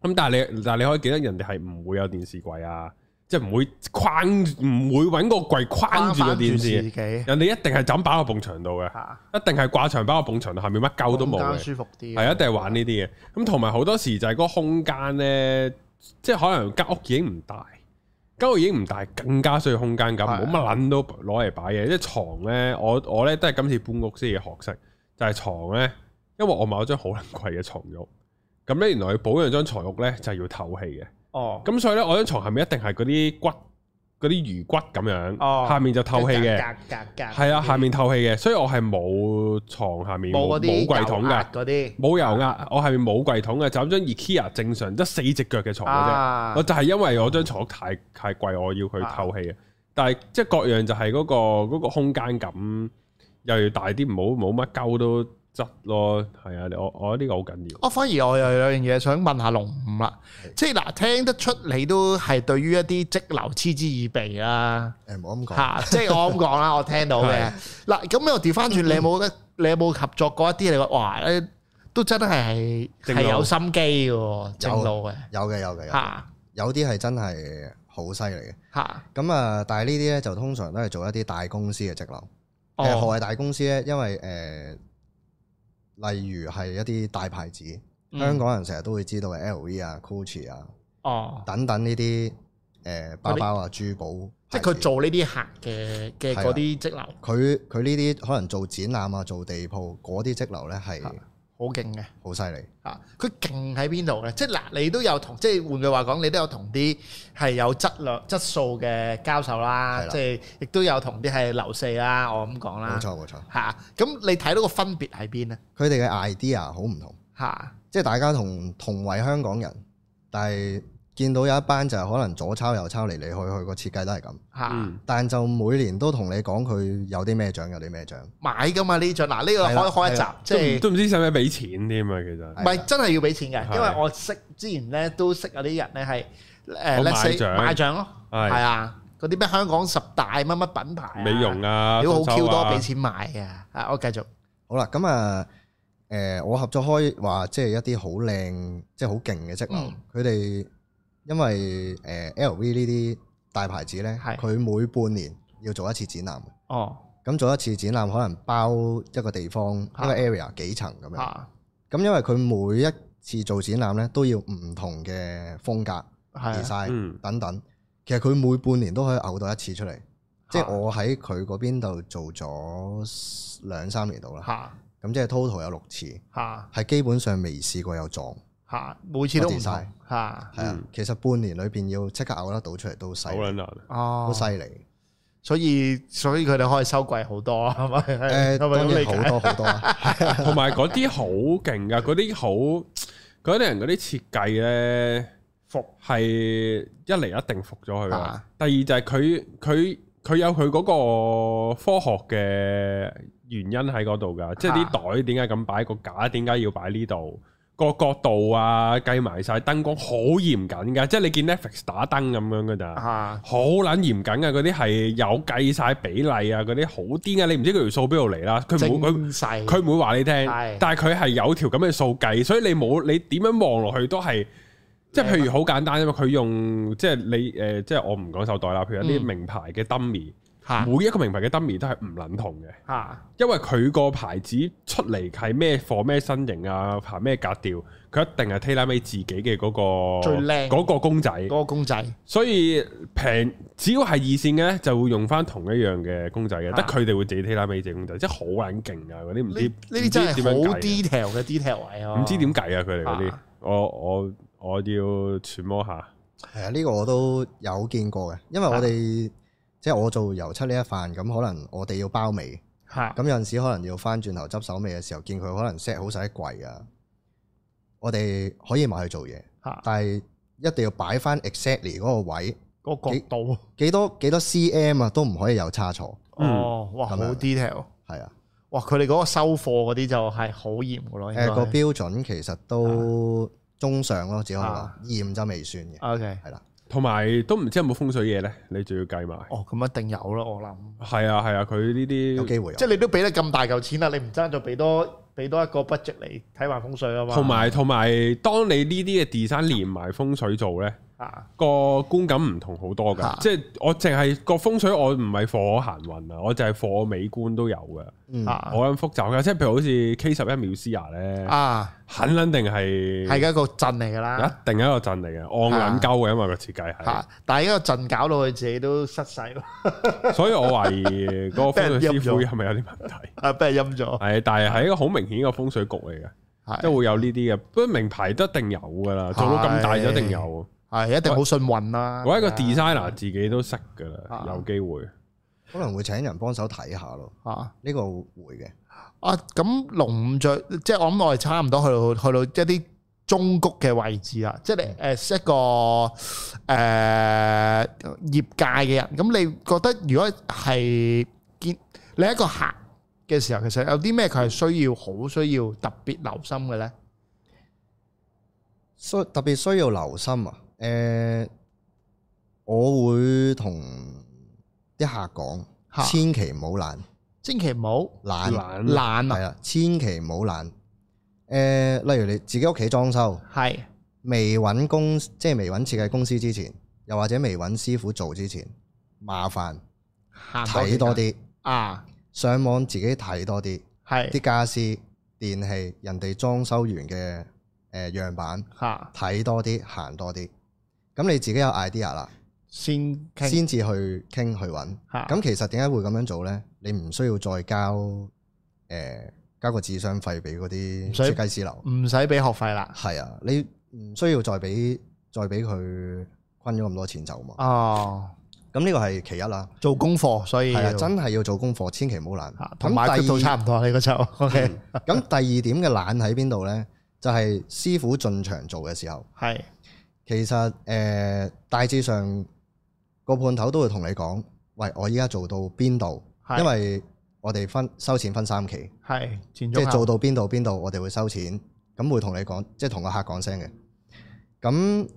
咁但係你但係你可以記得人哋係唔會有電視櫃啊，即係唔會框唔會揾個櫃框住個電視。人哋一定係枕擺喺個牆度嘅，一定係掛牆擺喺個牆度，後面乜鳩都冇嘅，舒服啲。係一定係玩呢啲嘅。咁同埋好多時就係嗰個空間咧，即係可能間屋已經唔大。間屋已經唔大，更加需要空間感，冇乜捻都攞嚟擺嘢。即係床咧，我我咧都係今次搬屋先嘅學識，就係床咧，因為我買咗張好貴嘅床褥，咁咧原來要保養張床褥咧就係要透氣嘅哦。咁所以咧，我張床下面一定係嗰啲骨。嗰啲魚骨咁樣，oh, 下面就透氣嘅，係啊，下面透氣嘅，所以我係冇床下面冇櫃桶嘅，冇油壓，嗯、我係冇櫃桶嘅，嗯、就咁張 IKEA 正常得四隻腳嘅床嘅啫，啊、我就係因為我張床太、嗯、太貴，我要去透氣啊，嗯、但係即係各樣就係嗰、嗰個嗰個空間感又要大啲，冇冇乜鳩都，執咯，係啊！我我覺得呢個好緊要。我反而我又有樣嘢想問下龍五啦，即係嗱，聽得出你都係對於一啲積流嗤之以鼻啦。誒，唔好咁講。嚇，即係我咁講啦，我聽到嘅。嗱，咁又調翻轉，你有冇你有冇合作過一啲？你話哇，都真係係有心機嘅，整到嘅。有嘅有嘅。嚇！有啲係真係好犀利嘅。嚇！咁啊，但係呢啲咧就通常都係做一啲大公司嘅積流。何為大公司咧？因為誒。例如係一啲大牌子，嗯、香港人成日都會知道嘅 L.V. 啊、Gucci 啊，哦等等呢啲誒包包啊、你珠寶，即係佢做呢啲客嘅嘅嗰啲積流。佢佢呢啲可能做展覽啊、做地鋪嗰啲積流咧係。好勁嘅，好犀利啊！佢勁喺邊度呢？即係嗱，你都有同，即係換句話講，你都有同啲係有質量、質素嘅教授啦，即係亦都有同啲係留四啦。我咁講啦，冇錯冇錯。吓，咁你睇到個分別喺邊呢？佢哋嘅 idea 好唔同吓，即係大家同同為香港人，但係。見到有一班就係可能左抄右抄嚟嚟去去個設計都係咁，嚇！但就每年都同你講佢有啲咩獎，有啲咩獎買㗎嘛呢獎？嗱呢個開開一集，即係都唔知使唔使俾錢添啊？其實唔係真係要俾錢嘅，因為我識之前咧都識啊啲人咧係誒，咧四買獎咯，係啊，嗰啲咩香港十大乜乜品牌，美容啊，要好 Q 多俾錢買嘅。啊，我繼續好啦，咁啊誒，我合作開話即係一啲好靚即係好勁嘅職能。佢哋。因為誒 LV 呢啲大牌子呢，佢是每半年要做一次展覽。哦，咁做一次展覽可能包一個地方是一個 area 幾層咁樣。啊是，咁因為佢每一次做展覽呢，都要唔同嘅風格是 design、嗯、等等，其實佢每半年都可以嘔到一次出嚟。是即係我喺佢嗰邊度做咗兩三年到啦。嚇是，咁即係 total 有六次。嚇是，係基本上未試過有撞。吓，每次都唔使，吓，係啊。嗯、其實半年裏邊要即刻咬得到出嚟都犀好難，哦、嗯，好犀利。所以所以佢哋可以收貴好多，係咪、呃？誒，多啲好多好多，同埋嗰啲好勁噶，嗰啲好嗰啲人嗰啲設計咧，服係一嚟一定服咗佢啦。啊、第二就係佢佢佢有佢嗰個科學嘅原因喺嗰度噶，即係啲袋點解咁擺，個架點解要擺呢度？個角度啊，計埋晒燈光好嚴謹噶，即係你見 Netflix 打燈咁樣噶咋，好捻嚴謹噶，嗰啲係有計晒比例啊，嗰啲好癲啊。你唔知佢條數邊度嚟啦，佢唔會佢佢唔會話你聽，是但係佢係有條咁嘅數計，所以你冇你點樣望落去都係，即係譬如好簡單啊嘛，佢用即係你誒，即係我唔講手袋啦，譬如有啲名牌嘅燈每一個名牌嘅 dummy 都係唔撚同嘅，嚇，因為佢個牌子出嚟係咩貨咩身形啊，行咩格調，佢一定係 tailor made 自己嘅嗰個最靚嗰個公仔，嗰個公仔。所以平只要係二線嘅咧，就會用翻同一樣嘅公仔嘅，得佢哋會自己 tailor made 自己公仔，即係好撚勁啊！嗰啲唔知唔知點樣 detail 嘅 detail 位，啊。唔知點計啊！佢哋嗰啲，我我我要揣摩下。係啊，呢個我都有見過嘅，因為我哋。即係我做油漆呢一份，咁可能我哋要包尾，係咁的有陣時可能要翻轉頭執手尾嘅時候，見佢可能 set 好晒一櫃啊，我哋可以埋去做嘢，的但係一定要擺翻 exactly 嗰個位，個角度幾，幾多幾多 cm 啊，都唔可以有差錯。嗯、哦，哇，好 detail，係啊，哇，佢哋嗰個收貨嗰啲就係好嚴嘅咯。誒，呃那個標準其實都中上咯，只可以話嚴就未算嘅。OK，係啦。的的同埋都唔知有冇風水嘢咧，你仲要計埋。哦，咁一定有咯，我諗。係啊，係啊，佢呢啲有機會有。即係你都俾得咁大嚿錢啦，你唔爭就俾多俾多一個 budget 嚟睇埋風水啊嘛。同埋同埋，當你呢啲嘅 design 連埋風水做咧。啊，個觀感唔同好多噶，即係我淨係個風水，我唔係火行運啊，我淨係火美觀都有嘅，我咁複雜嘅，即係譬如好似 K 十一秒 C 亞咧，啊，肯肯定係係一個陣嚟噶啦，一定係一個陣嚟嘅，按眼交嘅，因為個設計係，但係呢個陣搞到佢自己都失勢囉，所以我懷疑嗰個風水師傅係咪有啲問題？啊，俾人陰咗，係，但係係一個好明顯嘅風水局嚟嘅，即會有呢啲嘅，不過名牌都一定有噶啦，做到咁大就一定有。係一定好幸運啦！我一個 designer 自己都識噶啦，有機會可能會請人幫手睇下咯。吓，呢個會嘅。啊，咁龍五最，即係我諗我哋差唔多去去到一啲中谷嘅位置啦。即係誒，一個誒業界嘅人，咁你覺得如果係見你一個客嘅時候，其實有啲咩佢係需要，好需要特別留心嘅咧？需特別需要留心啊！誒、呃，我會同啲客講，千祈唔好懶，千祈唔好懶懶啊，係啊，千祈唔好懶。誒懶、啊呃，例如你自己屋企裝修，係是未搵工，即係未搵設計公司之前，又或者未搵師傅做之前，麻煩行睇多啲啊，上網自己睇多啲，係啲是是家私電器，人哋裝修完嘅誒樣板，睇是多啲，行多啲。咁你自己有 idea 啦，先先至去傾去揾。咁其實點解會咁樣做咧？你唔需要再交誒交個智商費俾嗰啲設計師樓，唔使俾學費啦。係啊，你唔需要再俾再俾佢昆咗咁多錢走嘛。哦，咁呢個係其一啦。做功課，所以真係要做功課，千祈唔好懶。同埋第二差唔多啊，呢個 OK。咁第二點嘅懶喺邊度咧？就係師傅進場做嘅時候。係。其實誒、呃、大致上個判頭都會同你講，喂，我依家做到邊度？是因為我哋分收錢分三期，即係做到邊度邊度，我哋會收錢，咁會同你講，即係同個客講聲嘅。咁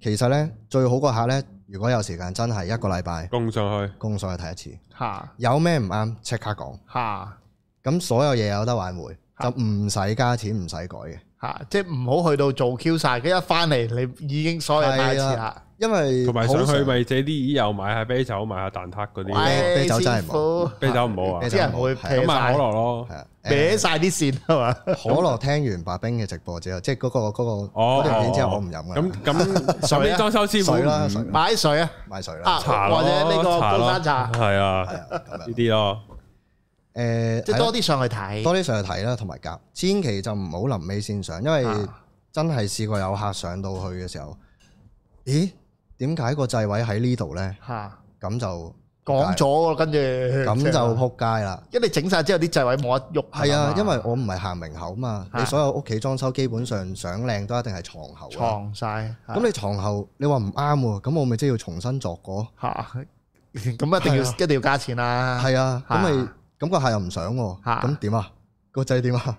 其實呢，最好個客呢，如果有時間真係一個禮拜供上去，供上去睇一次，是有咩唔啱即刻講吓。咁是所有嘢有得挽回，就唔使加錢，唔使改嘅。吓，即係唔好去到做 Q 晒，佢一翻嚟你已經所有太遲啦。因為同埋想去咪借啲椅，又買下啤酒，買下蛋撻嗰啲。啤酒真係唔好！啤酒唔好啊。啲人會咁晒可樂咯，撇晒啲線係嘛。可樂聽完白冰嘅直播之後，即係嗰個嗰個嗰條片之後，我唔飲嘅。咁咁上邊裝修先水啦，買水啊，買水啦，或者呢個半山茶係啊，呢啲咯。誒，即係多啲上去睇，多啲上去睇啦，同埋夾，千祈就唔好臨尾先上，因為真係試過有客上到去嘅時候，咦？點解個掣位喺呢度咧？嚇，咁就講咗喎，跟住咁就撲街啦！因為你整晒之後啲掣位冇得喐。係啊，因為我唔係行明口嘛，你所有屋企裝修基本上想靚都一定係床後，床晒。咁你床後你話唔啱喎，咁我咪即係要重新作過嚇？咁一定要一定要加錢啦，係啊，咁咪。咁個客又唔想喎，咁點啊？個仔點啊？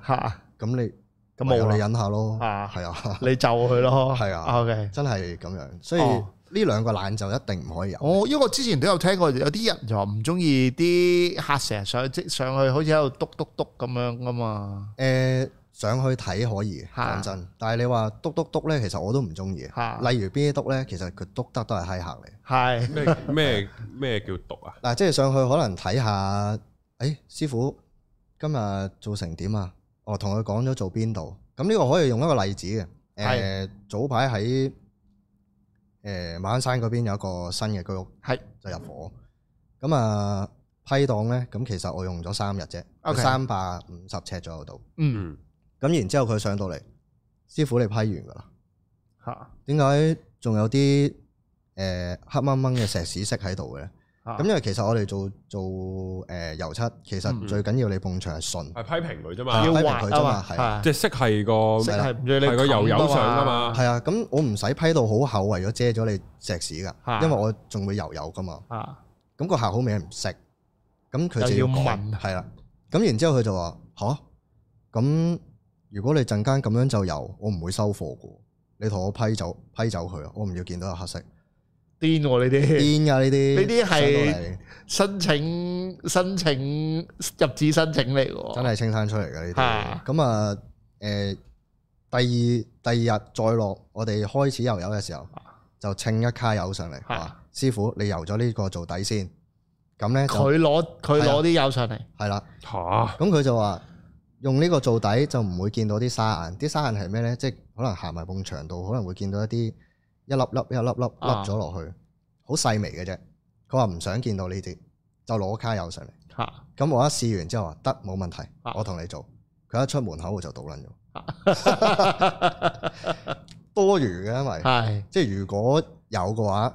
咁你咁由你忍下咯，係啊，你就佢咯，係啊，OK，真係咁樣，所以呢兩個懶就一定唔可以有。我因為我之前都有聽過，有啲人就話唔中意啲客成日上即上去，好似喺度篤篤篤咁樣噶嘛。誒，上去睇可以，講真，但係你話篤篤篤咧，其實我都唔中意。例如邊啲篤咧，其實佢篤得都係閪客嚟。係咩咩咩叫篤啊？嗱，即係上去可能睇下。誒、哎，師傅今日做成點啊？我同佢講咗做邊度？咁呢個可以用一個例子嘅。係是、呃。早排喺誒馬鞍山嗰邊有一個新嘅居屋，係是就入伙。咁啊、呃、批檔咧，咁其實我用咗三日啫，三百五十尺左右度。嗯。咁然之後佢上到嚟，師傅你批完㗎啦。嚇哈？點解仲有啲誒、呃、黑掹掹嘅石屎色喺度嘅咧？咁因為其實我哋做做誒油漆，其實最緊要你碰牆係順，係、嗯、批平佢啫嘛，批平佢啫嘛，係滑，即係識係個係、啊、個油油上噶嘛，係啊，咁我唔使批到好厚，為咗遮咗你石屎噶，因為我仲會油油噶嘛，啊，咁個客好明顯唔識，咁佢、啊、就要問，係啦，咁然之後佢就話吓？咁如果你陣間咁樣就油，我唔會收貨噶，你同我批走批走佢啊，我唔要見到有黑色。癲喎呢啲，癲噶呢啲，呢啲係申請申請入資申請嚟喎，真係青山出嚟噶呢啲。咁啊，誒、呃，第二第二日再落，我哋開始游油嘅時候，啊、就稱一卡油上嚟，係、啊、師傅，你游咗呢個做底先，咁咧佢攞佢攞啲油上嚟，係啦、啊。吓、啊，咁佢、啊、就話用呢個做底，就唔會見到啲沙眼。啲沙眼係咩咧？即、就、係、是、可能行埋埲牆度，可能會見到一啲。一粒粒一粒一粒，一粒，粒咗落去，好細微嘅啫。佢話唔想見到呢啲，就攞卡油上嚟。咁、啊、我一試完之後話，得冇問題，我同你做。佢一出門口我就倒捻咗， 多餘嘅，因為是即係如果有嘅話，誒、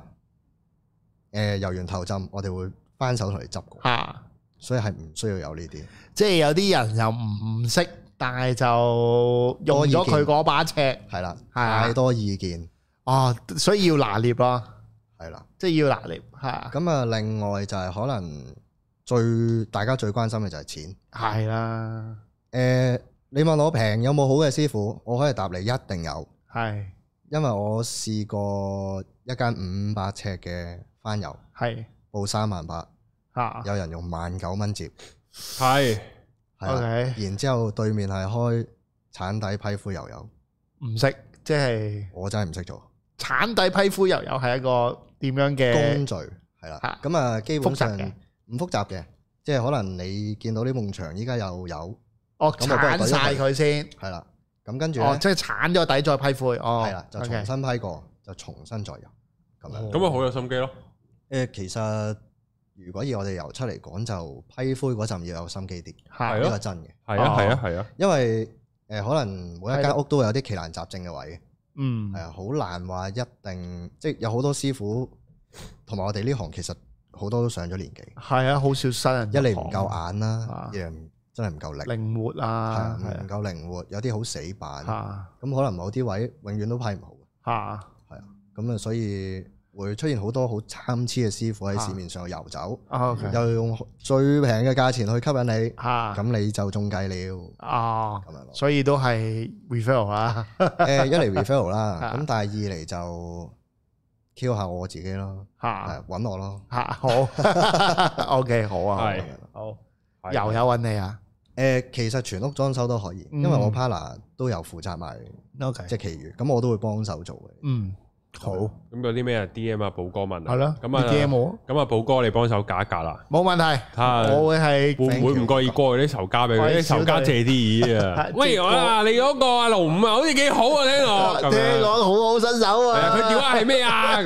呃，油完頭浸，我哋會翻手同你執過。啊、所以係唔需要有呢啲。即係有啲人又唔識，但係就用咗佢嗰把尺。係啦，太多意見。啊、哦，所以要拿捏啊，係啦的，即係要拿捏，係。咁啊，另外就係可能最大家最關心嘅就係錢。係啦的，誒、呃，你問攞平有冇好嘅師傅，我可以答你，一定有。係的，因為我試過一間五百尺嘅翻油，係的，報三萬八，吓的，有人用萬九蚊折，係，O K，然之後對面係開鏟底批灰油油，唔識，即係，我真係唔識做。鏟底批灰又有係一個點樣嘅工序，係啦。咁啊，基本上唔複雜嘅，即係可能你見到啲夢牆，依家又有，哦，鏟曬佢先，係啦。咁跟住，哦，即係鏟咗底再批灰，哦，係啦，就重新批過，就重新再油，咁樣。咁啊，好有心機咯。誒，其實如果以我哋油漆嚟講，就批灰嗰陣要有心機啲，呢個真嘅，係啊，係啊，係啊。因為誒，可能每一間屋都有啲奇難雜症嘅位。嗯，係啊，好難話一定，即係有好多師傅，同埋我哋呢行其實好多都上咗年紀。係啊，好少新人，一嚟唔夠眼啦，啊、二嚟真係唔夠靈，靈活啊，唔夠靈活，啊、有啲好死板，咁、啊、可能某啲位永遠都派唔好。吓，係啊，咁啊，所以。會出現好多好參差嘅師傅喺市面上遊走，又用最平嘅價錢去吸引你，咁你就中計了。啊，咁樣，所以都係 referral 啦，誒，一嚟 referral 啦，咁但係二嚟就 call 下我自己咯，係揾我咯。嚇，好，OK，好啊，係，好，又有揾你啊？誒，其實全屋裝修都可以，因為我 partner 都有負責埋，即係其餘，咁我都會幫手做嘅。嗯。好，咁嗰啲咩啊？D M 啊，寶哥問啊，係咯，咁啊，D M 我，咁啊，寶哥你幫手夾一夾啦，冇問題，我會係會唔會唔介意過啲仇家俾佢啲仇家借啲嘢啊？喂，我啊，你嗰個啊龍五啊，好似幾好啊，聽我聽講好好新手啊，佢電話係咩啊？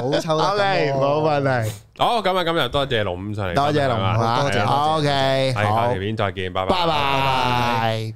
好臭，好嚟，好拜拜。好，咁啊，今日多謝龍五上嚟，多謝龍五，多謝，好，係下條片再見，拜拜。拜拜。